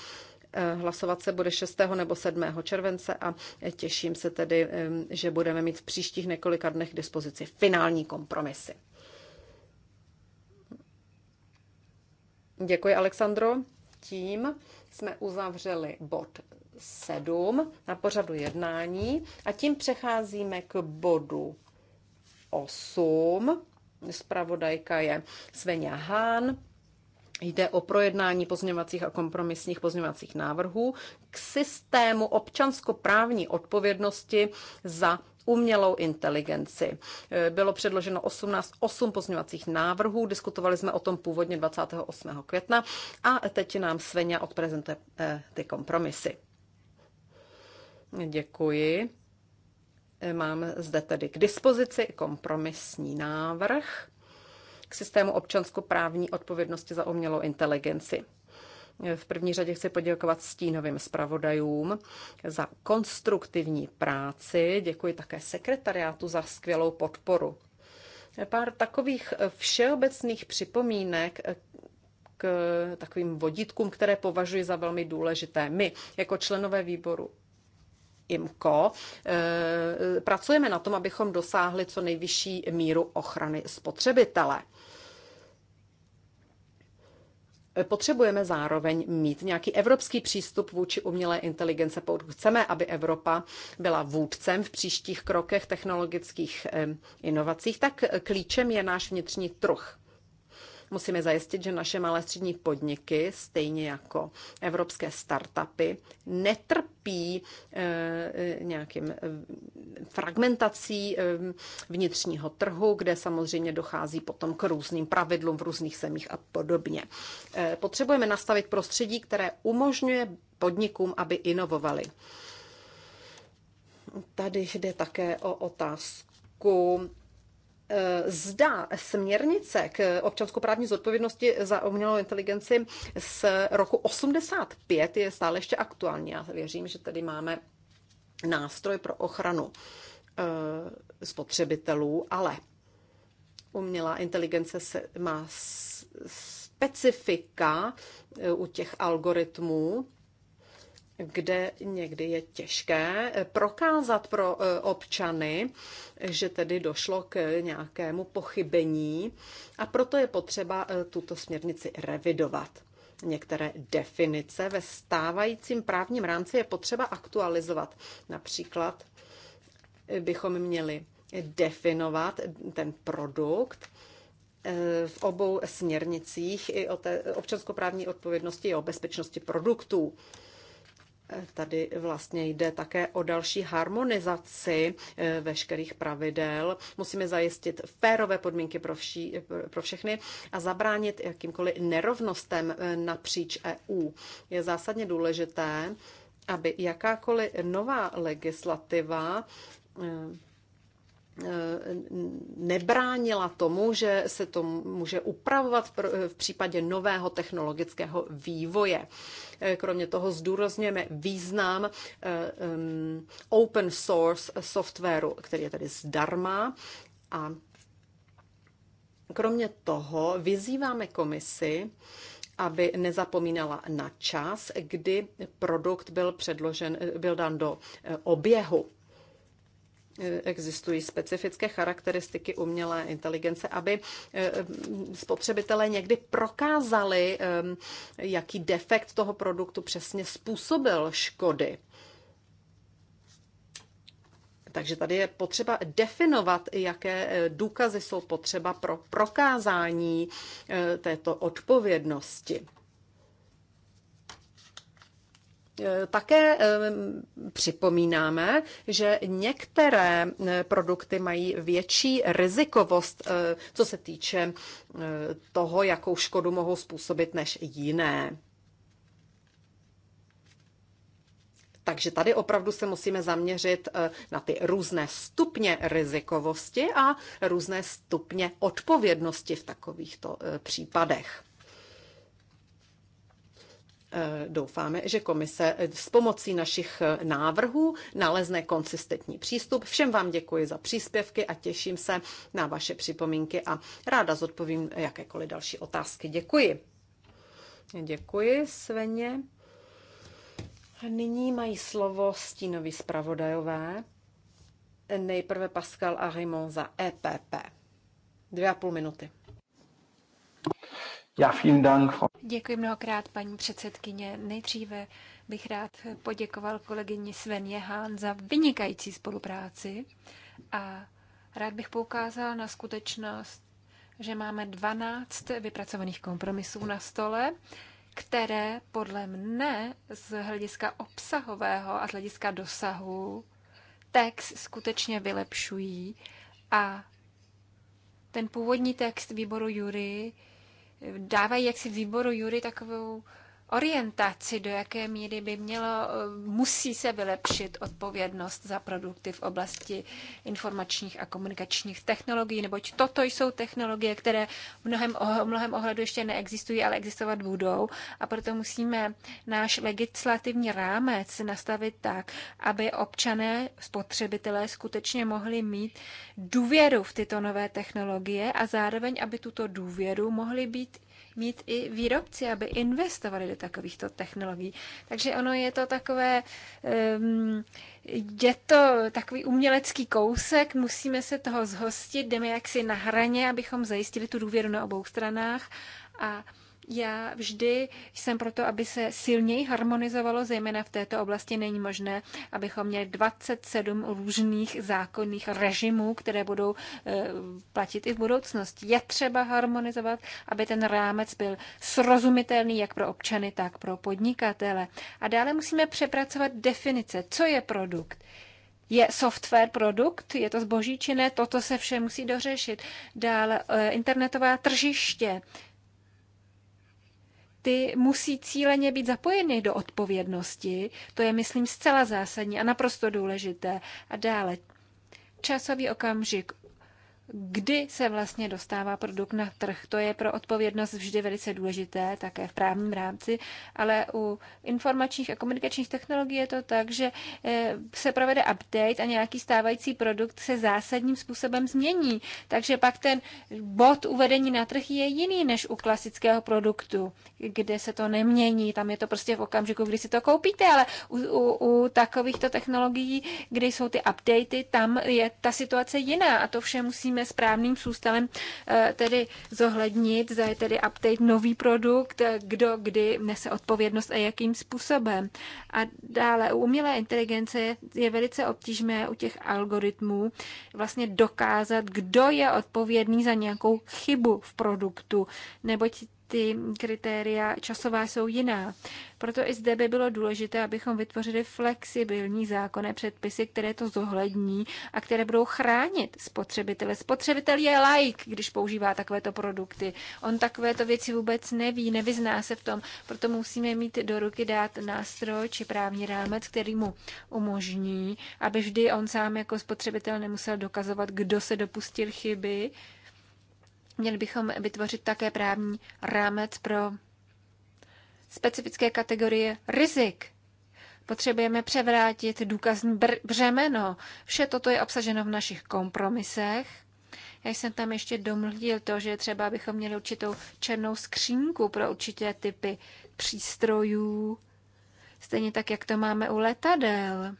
Hlasovat se bude 6. nebo 7. července a těším se tedy, že budeme mít v příštích několika dnech k dispozici finální kompromisy. Děkuji, Alexandro tím jsme uzavřeli bod 7 na pořadu jednání a tím přecházíme k bodu 8. Spravodajka je Svenja Hán. Jde o projednání pozměňovacích a kompromisních pozměňovacích návrhů k systému občanskoprávní odpovědnosti za umělou inteligenci. Bylo předloženo 18 8 pozměňovacích návrhů, diskutovali jsme o tom původně 28. května a teď nám Svenja odprezentuje eh, ty kompromisy. Děkuji. Mám zde tedy k dispozici kompromisní návrh k systému občanskoprávní odpovědnosti za umělou inteligenci. V první řadě chci poděkovat stínovým zpravodajům za konstruktivní práci. Děkuji také sekretariátu za skvělou podporu. Pár takových všeobecných připomínek k takovým vodítkům, které považuji za velmi důležité. My, jako členové výboru IMCO eh, pracujeme na tom, abychom dosáhli co nejvyšší míru ochrany spotřebitele. Potřebujeme zároveň mít nějaký evropský přístup vůči umělé inteligence, pokud chceme, aby Evropa byla vůdcem v příštích krokech technologických eh, inovacích, tak klíčem je náš vnitřní trh. Musíme zajistit, že naše malé střední podniky, stejně jako evropské startupy, netrpí eh, eh, nějakým eh, fragmentací vnitřního trhu, kde samozřejmě dochází potom k různým pravidlům v různých zemích a podobně. Potřebujeme nastavit prostředí, které umožňuje podnikům, aby inovovali. Tady jde také o otázku Eh, zda směrnice k občanskoprávní zodpovědnosti za umělou inteligenci z roku 85 je stále ještě aktuální. Já věřím, že tady máme nástroj pro ochranu eh, spotřebitelů, ale umělá inteligence se má specifika eh, u těch algoritmů, kde někdy je těžké eh, prokázat pro eh, občany, že tedy došlo k nějakému pochybení a proto je potřeba eh, tuto směrnici revidovat. Některé definice ve stávajícím právním rámci je potřeba aktualizovat. Například bychom měli definovat ten produkt v obou směrnicích i o té občanskoprávní odpovědnosti i o bezpečnosti produktů. Tady vlastně jde také o další harmonizaci eh, veškerých pravidel. Musíme zajistit férové podmínky pro, vší, pro všechny a zabránit jakýmkoliv nerovnostem eh, napříč EU. Je zásadně důležité, aby jakákoliv nová legislativa eh, Eh, nebránila tomu, že se to může upravovat v eh, případě nového technologického vývoje. Eh, kromě toho zdůrazněme význam open source softwaru, který je tedy zdarma a kromě toho vyzýváme komisi, aby nezapomínala na čas, kdy produkt byl předložen, byl dán do oběhu existují specifické charakteristiky umělé inteligence, aby eh, spotřebitelé někdy prokázali, eh, jaký defekt toho produktu přesně způsobil škody. Takže tady je potřeba definovat, jaké eh, důkazy jsou potřeba pro prokázání této odpovědnosti. E, také e, připomínáme, že některé e, produkty mají větší rizikovost, co se týče toho, jakou škodu mohou způsobit, než jiné. Takže tady opravdu se musíme zaměřit na ty různé stupně rizikovosti a různé stupně odpovědnosti v takovýchto případech. Eh, doufáme, že komise eh, s pomocí našich eh, návrhů nalezne konsistentní přístup. Všem vám děkuji za příspěvky a těším se na vaše připomínky a ráda zodpovím jakékoliv další otázky. Děkuji. Děkuji, Sveně. A nyní mají slovo stínoví zpravodajové. Nejprve Pascal Arimon za EPP. Dvě a půl minuty. Já vím Dank. Děkuji mnohokrát, paní předsedkyně. Nejdříve bych rád poděkoval kolegyni Svenje Hán za vynikající spolupráci a rád bych poukázal na skutečnost, že máme 12 vypracovaných kompromisů na stole, které podle mne z hlediska obsahového a z hlediska dosahu text skutečně vylepšují a ten původní text výboru Jury dávají jaksi výboru Jury takovou orientaci, do jaké míry by mělo, eh, musí se vylepšit odpovědnost za produkty v oblasti informačních a komunikačních technologií, neboť toto jsou technologie, které v mnohem, v mnohem ohledu ještě neexistují, ale existovat budou a proto musíme náš legislativní rámec nastavit tak, aby občané, spotřebitelé skutečně mohli mít důvěru v tyto nové technologie a zároveň, aby tuto důvěru mohli být mít i výrobci, aby investovali do takovýchto technologií. Takže ono je to takové, je to takový umělecký kousek, musíme se toho zhostit, jdeme jaksi na hraně, abychom zajistili tu důvěru na obou stranách a já vždy jsem proto, aby se silněji harmonizovalo, zejména v této oblasti není možné, abychom měli 27 různých zákonných režimů, které budou eh, platit i v budoucnosti. Je třeba harmonizovat, aby ten rámec byl srozumitelný jak pro občany, tak pro podnikatele. A dále musíme přepracovat definice, co je produkt je software produkt, je to zboží či ne, toto se vše musí dořešit. Dále eh, internetová tržiště, ty musí cíleně být zapojeny do odpovědnosti. To je, myslím, zcela zásadní a naprosto důležité. A dále, časový okamžik kdy se vlastně dostává produkt na trh. To je pro odpovědnost vždy velice důležité, také v právním rámci, ale u informačních a komunikačních technologií je to tak, že eh, se provede update a nějaký stávající produkt se zásadním způsobem změní. Takže pak ten bod uvedení na trh je jiný než u klasického produktu, kde se to nemění. Tam je to prostě v okamžiku, kdy si to koupíte, ale u, u, u takovýchto technologií, kde jsou ty updaty, tam je ta situace jiná a to vše musí musíme správným způsobem eh, tedy zohlednit, za je tedy update nový produkt, eh, kdo kdy nese odpovědnost a jakým způsobem. A dále u umělé inteligence je velice obtížné u těch algoritmů vlastně dokázat, kdo je odpovědný za nějakou chybu v produktu, neboť ty kritéria časová jsou jiná. Proto i zde by bylo důležité, abychom vytvořili flexibilní zákonné předpisy, které to zohlední a které budou chránit spotřebitele. Spotřebitel je laik, když používá takovéto produkty. On takovéto věci vůbec neví, nevyzná se v tom, proto musíme mít do ruky dát nástroj či právní rámec, který mu umožní, aby vždy on sám jako spotřebitel nemusel dokazovat, kdo se dopustil chyby, Měli bychom vytvořit také právní rámec pro specifické kategorie rizik. Potřebujeme převrátit důkazní břemeno. Vše toto je obsaženo v našich kompromisech. Já jsem tam ještě domluvil to, že třeba bychom měli určitou černou skřínku pro určité typy přístrojů, stejně tak, jak to máme u letadel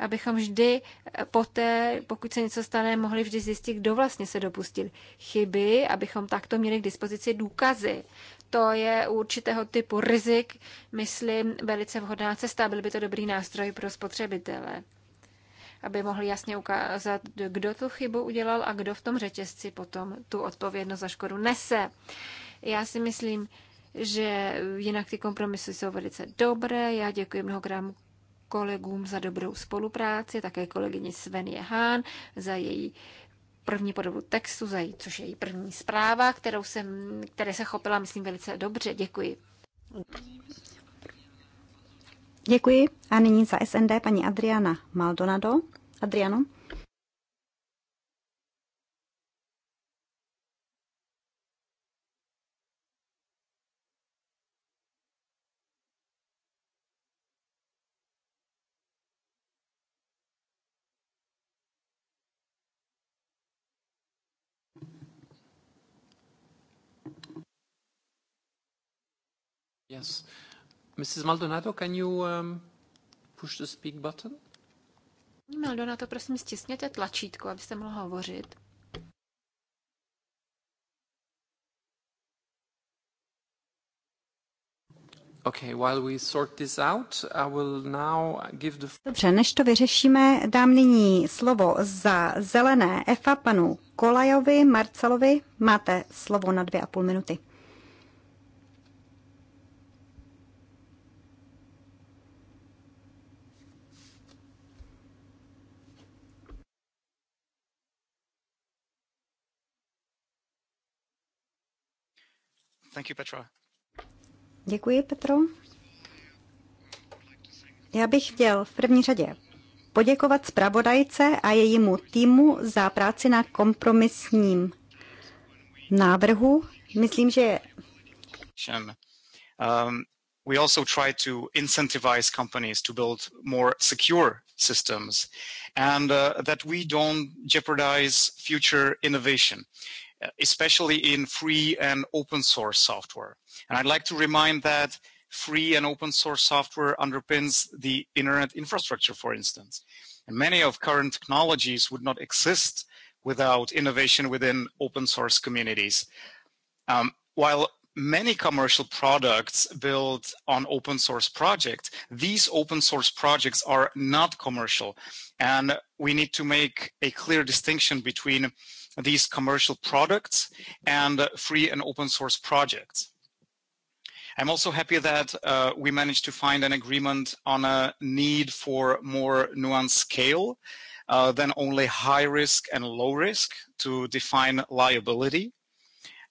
abychom vždy eh, poté, pokud se něco stane, mohli vždy zjistit, kdo vlastně se dopustil chyby, abychom takto měli k dispozici důkazy. To je u určitého typu rizik, myslím, velice vhodná cesta. Byl by to dobrý nástroj pro spotřebitele, aby mohli jasně ukázat, kdo tu chybu udělal a kdo v tom řetězci potom tu odpovědnost za škodu nese. Já si myslím, že jinak ty kompromisy jsou velice dobré. Já děkuji mnohokrát kolegům za dobrou spolupráci, také kolegyni Svenie Hán za její první podobu textu, za její, což je její první zpráva, kterou jsem, které se chopila, myslím, velice dobře. Děkuji. Děkuji. A nyní za SND paní Adriana Maldonado. Adriano. Yes. Mrs. Maldonado, can you um, push the speak button? Maldonado, prosím, stisněte tlačítko, abyste mohla hovořit. Okay, while we sort this out, I will now give the... Dobře, než to vyřešíme, dám nyní slovo za zelené EFA panu Kolajovi Marcelovi. Máte slovo na dvě a půl minuty. Thank you, Petra. Děkuji, Petro. Já bych chtěl v první řadě poděkovat zpravodajce a jejímu týmu za práci na kompromisním návrhu. Myslím, že Um, we also try to incentivize companies to build more secure systems and uh, that we don't jeopardize future innovation. Uh, especially in free and open source software. And I'd like to remind that free and open source software underpins the internet infrastructure, for instance. And many of current technologies would not exist without innovation within open source communities. Um, while many commercial products build on open source projects, these open source projects are not commercial. And we need to make a clear distinction between these commercial products and free and open source projects. I'm also happy that uh, we managed to find an agreement on a need for more nuanced scale uh, than only high risk and low risk to define liability.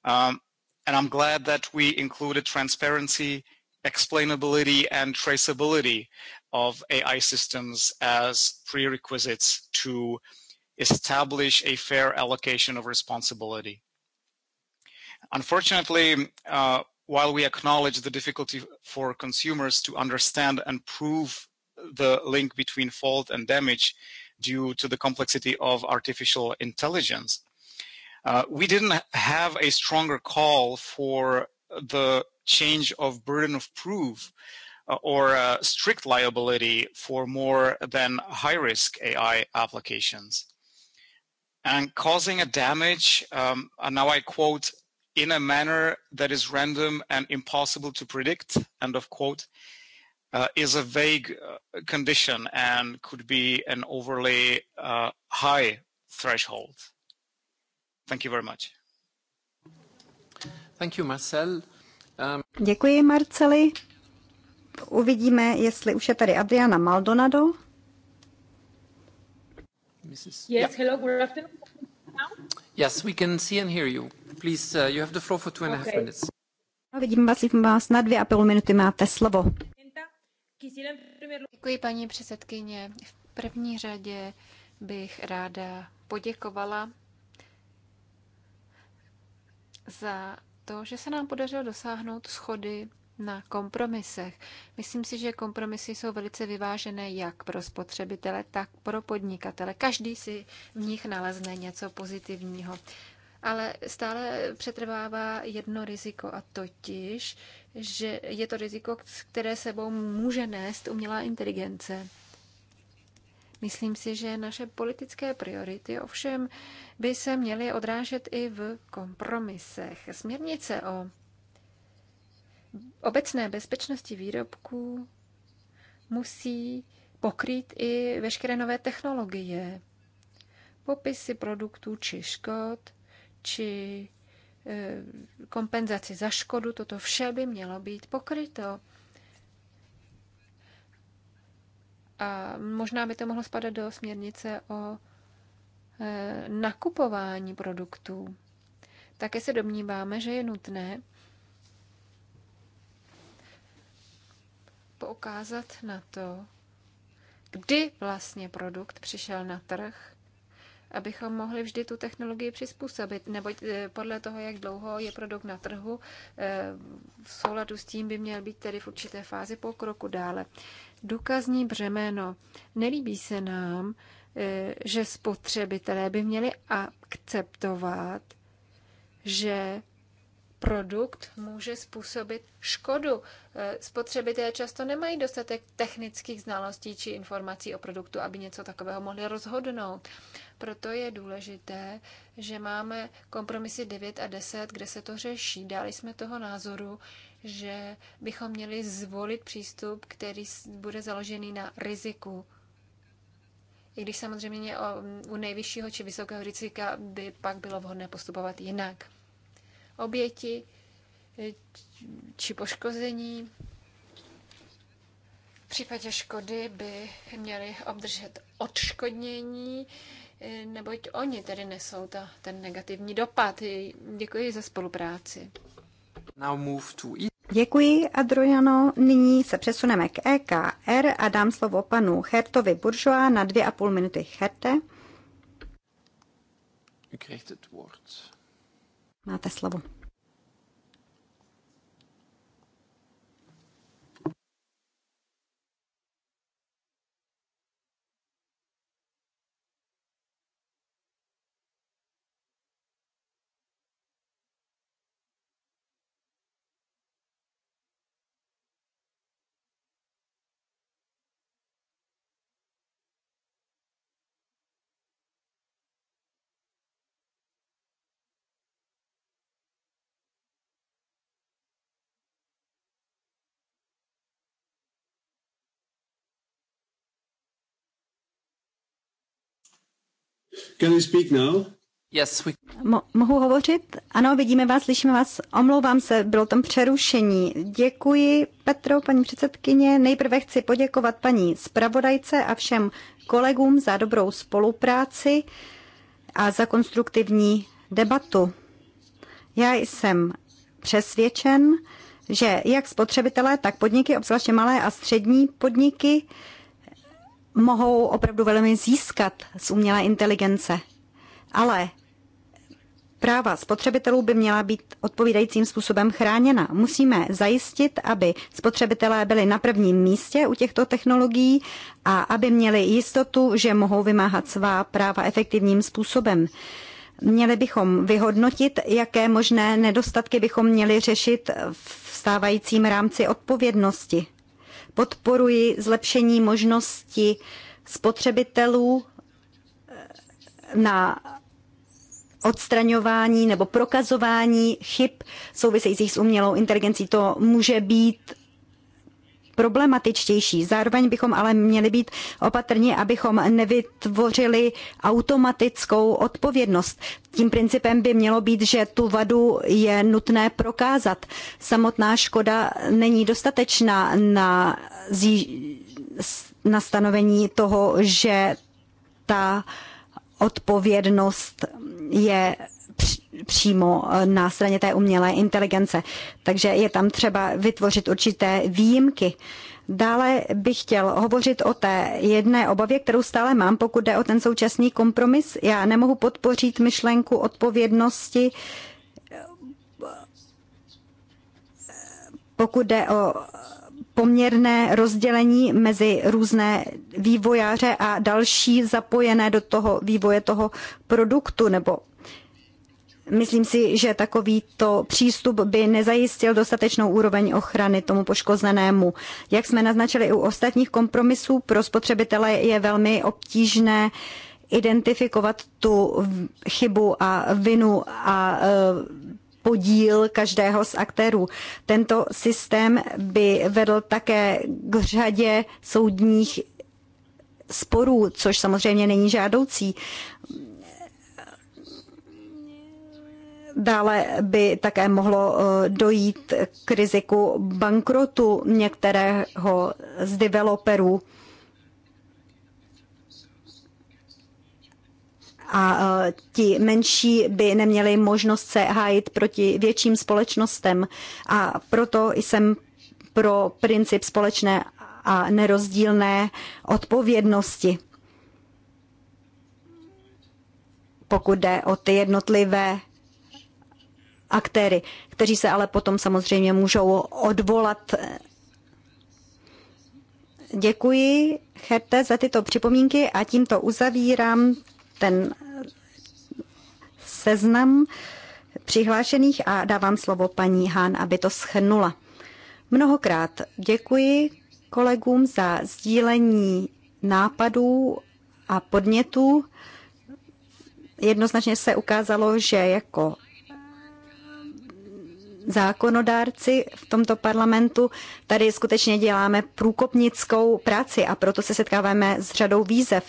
Um, and I'm glad that we included transparency, explainability, and traceability of AI systems as prerequisites to establish a fair allocation of responsibility. Unfortunately, uh, while we acknowledge the difficulty for consumers to understand and prove the link between fault and damage due to the complexity of artificial intelligence, uh, we didn't have a stronger call for the change of burden of proof uh, or uh, strict liability for more than high risk AI applications and causing a damage, um, and now I quote, in a manner that is random and impossible to predict, end of quote, uh, is a vague uh, condition and could be an overly uh, high threshold. Thank you very much. Thank you, Marcel. Um... Děkuji, Marceli. Uvidíme, jestli už je tady Adriana Maldonado. Mrs. Yes, hello, good afternoon. Yes, we can see and hear you. Please, uh, you have the floor for two and a half minutes. No, vidím vás, vás na dvě a půl minuty máte slovo. Děkuji, paní předsedkyně. V první řadě bych ráda poděkovala za to, že se nám podařilo dosáhnout schody na kompromisech. Myslím si, že kompromisy jsou velice vyvážené jak pro spotřebitele, tak pro podnikatele. Každý si v nich nalezne něco pozitivního. Ale stále přetrvává jedno riziko a totiž, že je to riziko, které sebou může nést umělá inteligence. Myslím si, že naše politické priority ovšem by se měly odrážet i v kompromisech. Směrnice o obecné bezpečnosti výrobků musí pokrýt i veškeré nové technologie, popisy produktů či škod, či e, kompenzaci za škodu, toto vše by mělo být pokryto. A možná by to mohlo spadat do směrnice o e, nakupování produktů. Také se domníváme, že je nutné, poukázat na to, kdy vlastně produkt přišel na trh, abychom mohli vždy tu technologii přizpůsobit, neboť eh, podle toho, jak dlouho je produkt na trhu, eh, v souladu s tím by měl být tedy v určité fázi pokroku dále. Důkazní břemeno. Nelíbí se nám, eh, že spotřebitelé by měli akceptovat, že produkt může způsobit škodu. Eh, spotřebitelé často nemají dostatek technických znalostí či informací o produktu, aby něco takového mohli rozhodnout. Proto je důležité, že máme kompromisy 9 a 10, kde se to řeší. Dali jsme toho názoru, že bychom měli zvolit přístup, který bude založený na riziku. I když samozřejmě u nejvyššího či vysokého rizika by pak bylo vhodné postupovat jinak oběti eh, či poškození. V případě škody by měli obdržet odškodnění, eh, neboť oni tedy nesou ta, ten negativní dopad. Děkuji za spolupráci. Now move to e. Děkuji, Adriano. Nyní se přesuneme k EKR a dám slovo panu Hertovi Buržoa na dvě a půl minuty. Herte. U Máte slovo. Can you speak now? Yes, we... Mo- mohu hovořit? Ano, vidíme vás, slyšíme vás. Omlouvám se, bylo tam přerušení. Děkuji, Petro, paní předsedkyně. Nejprve chci poděkovat paní zpravodajce a všem kolegům za dobrou spolupráci a za konstruktivní debatu. Já jsem přesvědčen, že jak spotřebitelé, tak podniky, obzvláště malé a střední podniky, mohou opravdu velmi získat z umělé inteligence. Ale práva spotřebitelů by měla být odpovídajícím způsobem chráněna. Musíme zajistit, aby spotřebitelé byli na prvním místě u těchto technologií a aby měli jistotu, že mohou vymáhat svá práva efektivním způsobem. Měli bychom vyhodnotit, jaké možné nedostatky bychom měli řešit v stávajícím rámci odpovědnosti. Podporuji zlepšení možnosti spotřebitelů eh, na odstraňování nebo prokazování chyb souvisejících s umělou inteligencí. To může být problematičtější. Zároveň bychom ale měli být opatrní, abychom nevytvořili automatickou odpovědnost. Tím principem by mělo být, že tu vadu je nutné prokázat. Samotná škoda není dostatečná na, na stanovení toho, že ta odpovědnost je přímo eh, na straně té umělé inteligence. Takže je tam třeba vytvořit určité výjimky. Dále bych chtěl hovořit o té jedné obavě, kterou stále mám, pokud jde o ten současný kompromis. Já nemohu podpořit myšlenku odpovědnosti, pokud jde o poměrné rozdělení mezi různé vývojáře a další zapojené do toho vývoje toho produktu nebo Myslím si, že takovýto přístup by nezajistil dostatečnou úroveň ochrany tomu poškozenému. Jak jsme naznačili u ostatních kompromisů, pro spotřebitele je velmi obtížné identifikovat tu chybu a vinu a e, podíl každého z aktérů. Tento systém by vedl také k řadě soudních sporů, což samozřejmě není žádoucí Dále by také mohlo eh, dojít k riziku bankrotu některého z developerů. A eh, ti menší by neměli možnost se hájit proti větším společnostem. A proto jsem pro princip společné a nerozdílné odpovědnosti. Pokud jde o ty jednotlivé aktéry, kteří se ale potom samozřejmě můžou odvolat. Děkuji, Herte, za tyto připomínky a tímto uzavírám ten seznam přihlášených a dávám slovo paní Hán, aby to schrnula. Mnohokrát děkuji kolegům za sdílení nápadů a podnětů. Jednoznačně se ukázalo, že jako zákonodárci v tomto parlamentu tady skutečně děláme průkopnickou práci a proto se setkáváme s řadou výzev.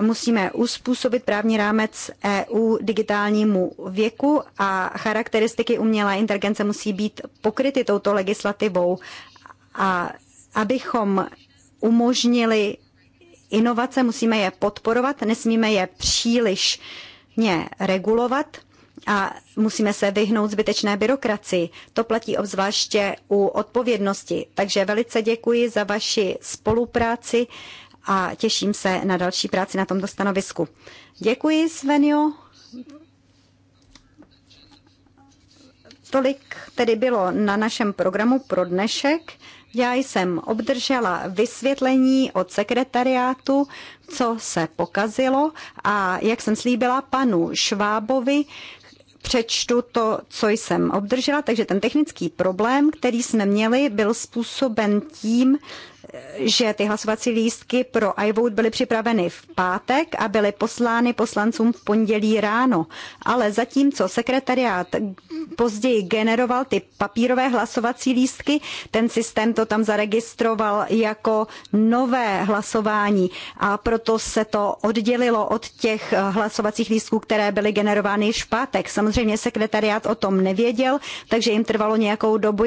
Musíme uspůsobit právní rámec EU digitálnímu věku a charakteristiky umělé inteligence musí být pokryty touto legislativou. A abychom umožnili inovace, musíme je podporovat, nesmíme je příliš regulovat a musíme se vyhnout zbytečné byrokracii. To platí obzvláště u odpovědnosti. Takže velice děkuji za vaši spolupráci a těším se na další práci na tomto stanovisku. Děkuji, Svenio. Tolik tedy bylo na našem programu pro dnešek. Já jsem obdržela vysvětlení od sekretariátu, co se pokazilo a jak jsem slíbila panu Švábovi, přečtu to, co jsem obdržela. Takže ten technický problém, který jsme měli, byl způsoben tím, že ty hlasovací lístky pro iVote byly připraveny v pátek a byly poslány poslancům v pondělí ráno. Ale zatímco sekretariát později generoval ty papírové hlasovací lístky, ten systém to tam zaregistroval jako nové hlasování a proto se to oddělilo od těch hlasovacích lístků, které byly generovány již v pátek. Samozřejmě sekretariát o tom nevěděl, takže jim trvalo nějakou dobu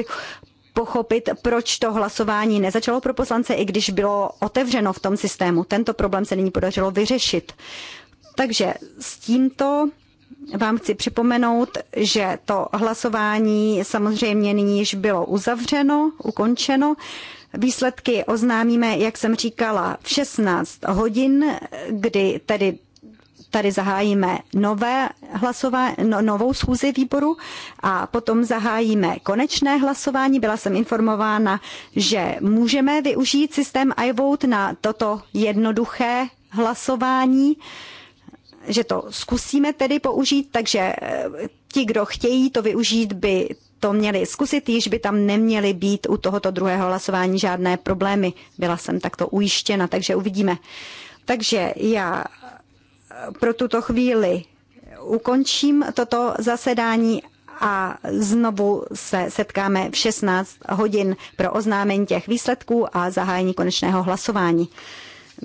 pochopit, proč to hlasování nezačalo pro poslance, i když bylo otevřeno v tom systému. Tento problém se nyní podařilo vyřešit. Takže s tímto vám chci připomenout, že to hlasování samozřejmě nyní již bylo uzavřeno, ukončeno. Výsledky oznámíme, jak jsem říkala, v 16 hodin, kdy tedy tady zahájíme nové hlasová, no, novou schůzi výboru a potom zahájíme konečné hlasování. Byla jsem informována, že můžeme využít systém iVote na toto jednoduché hlasování že to zkusíme tedy použít, takže eh, ti, kdo chtějí to využít, by to měli zkusit, již by tam neměly být u tohoto druhého hlasování žádné problémy. Byla jsem takto ujištěna, takže uvidíme. Takže já pro tuto chvíli ukončím toto zasedání a znovu se setkáme v 16 hodin pro oznámení těch výsledků a zahájení konečného hlasování.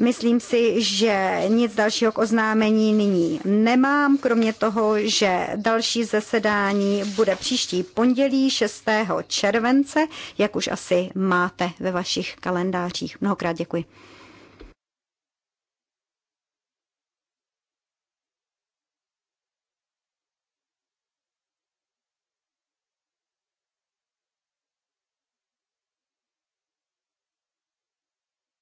Myslím si, že nic dalšího k oznámení nyní nemám, kromě toho, že další zasedání bude příští pondělí 6. července, jak už asi máte ve vašich kalendářích. Mnohokrát děkuji.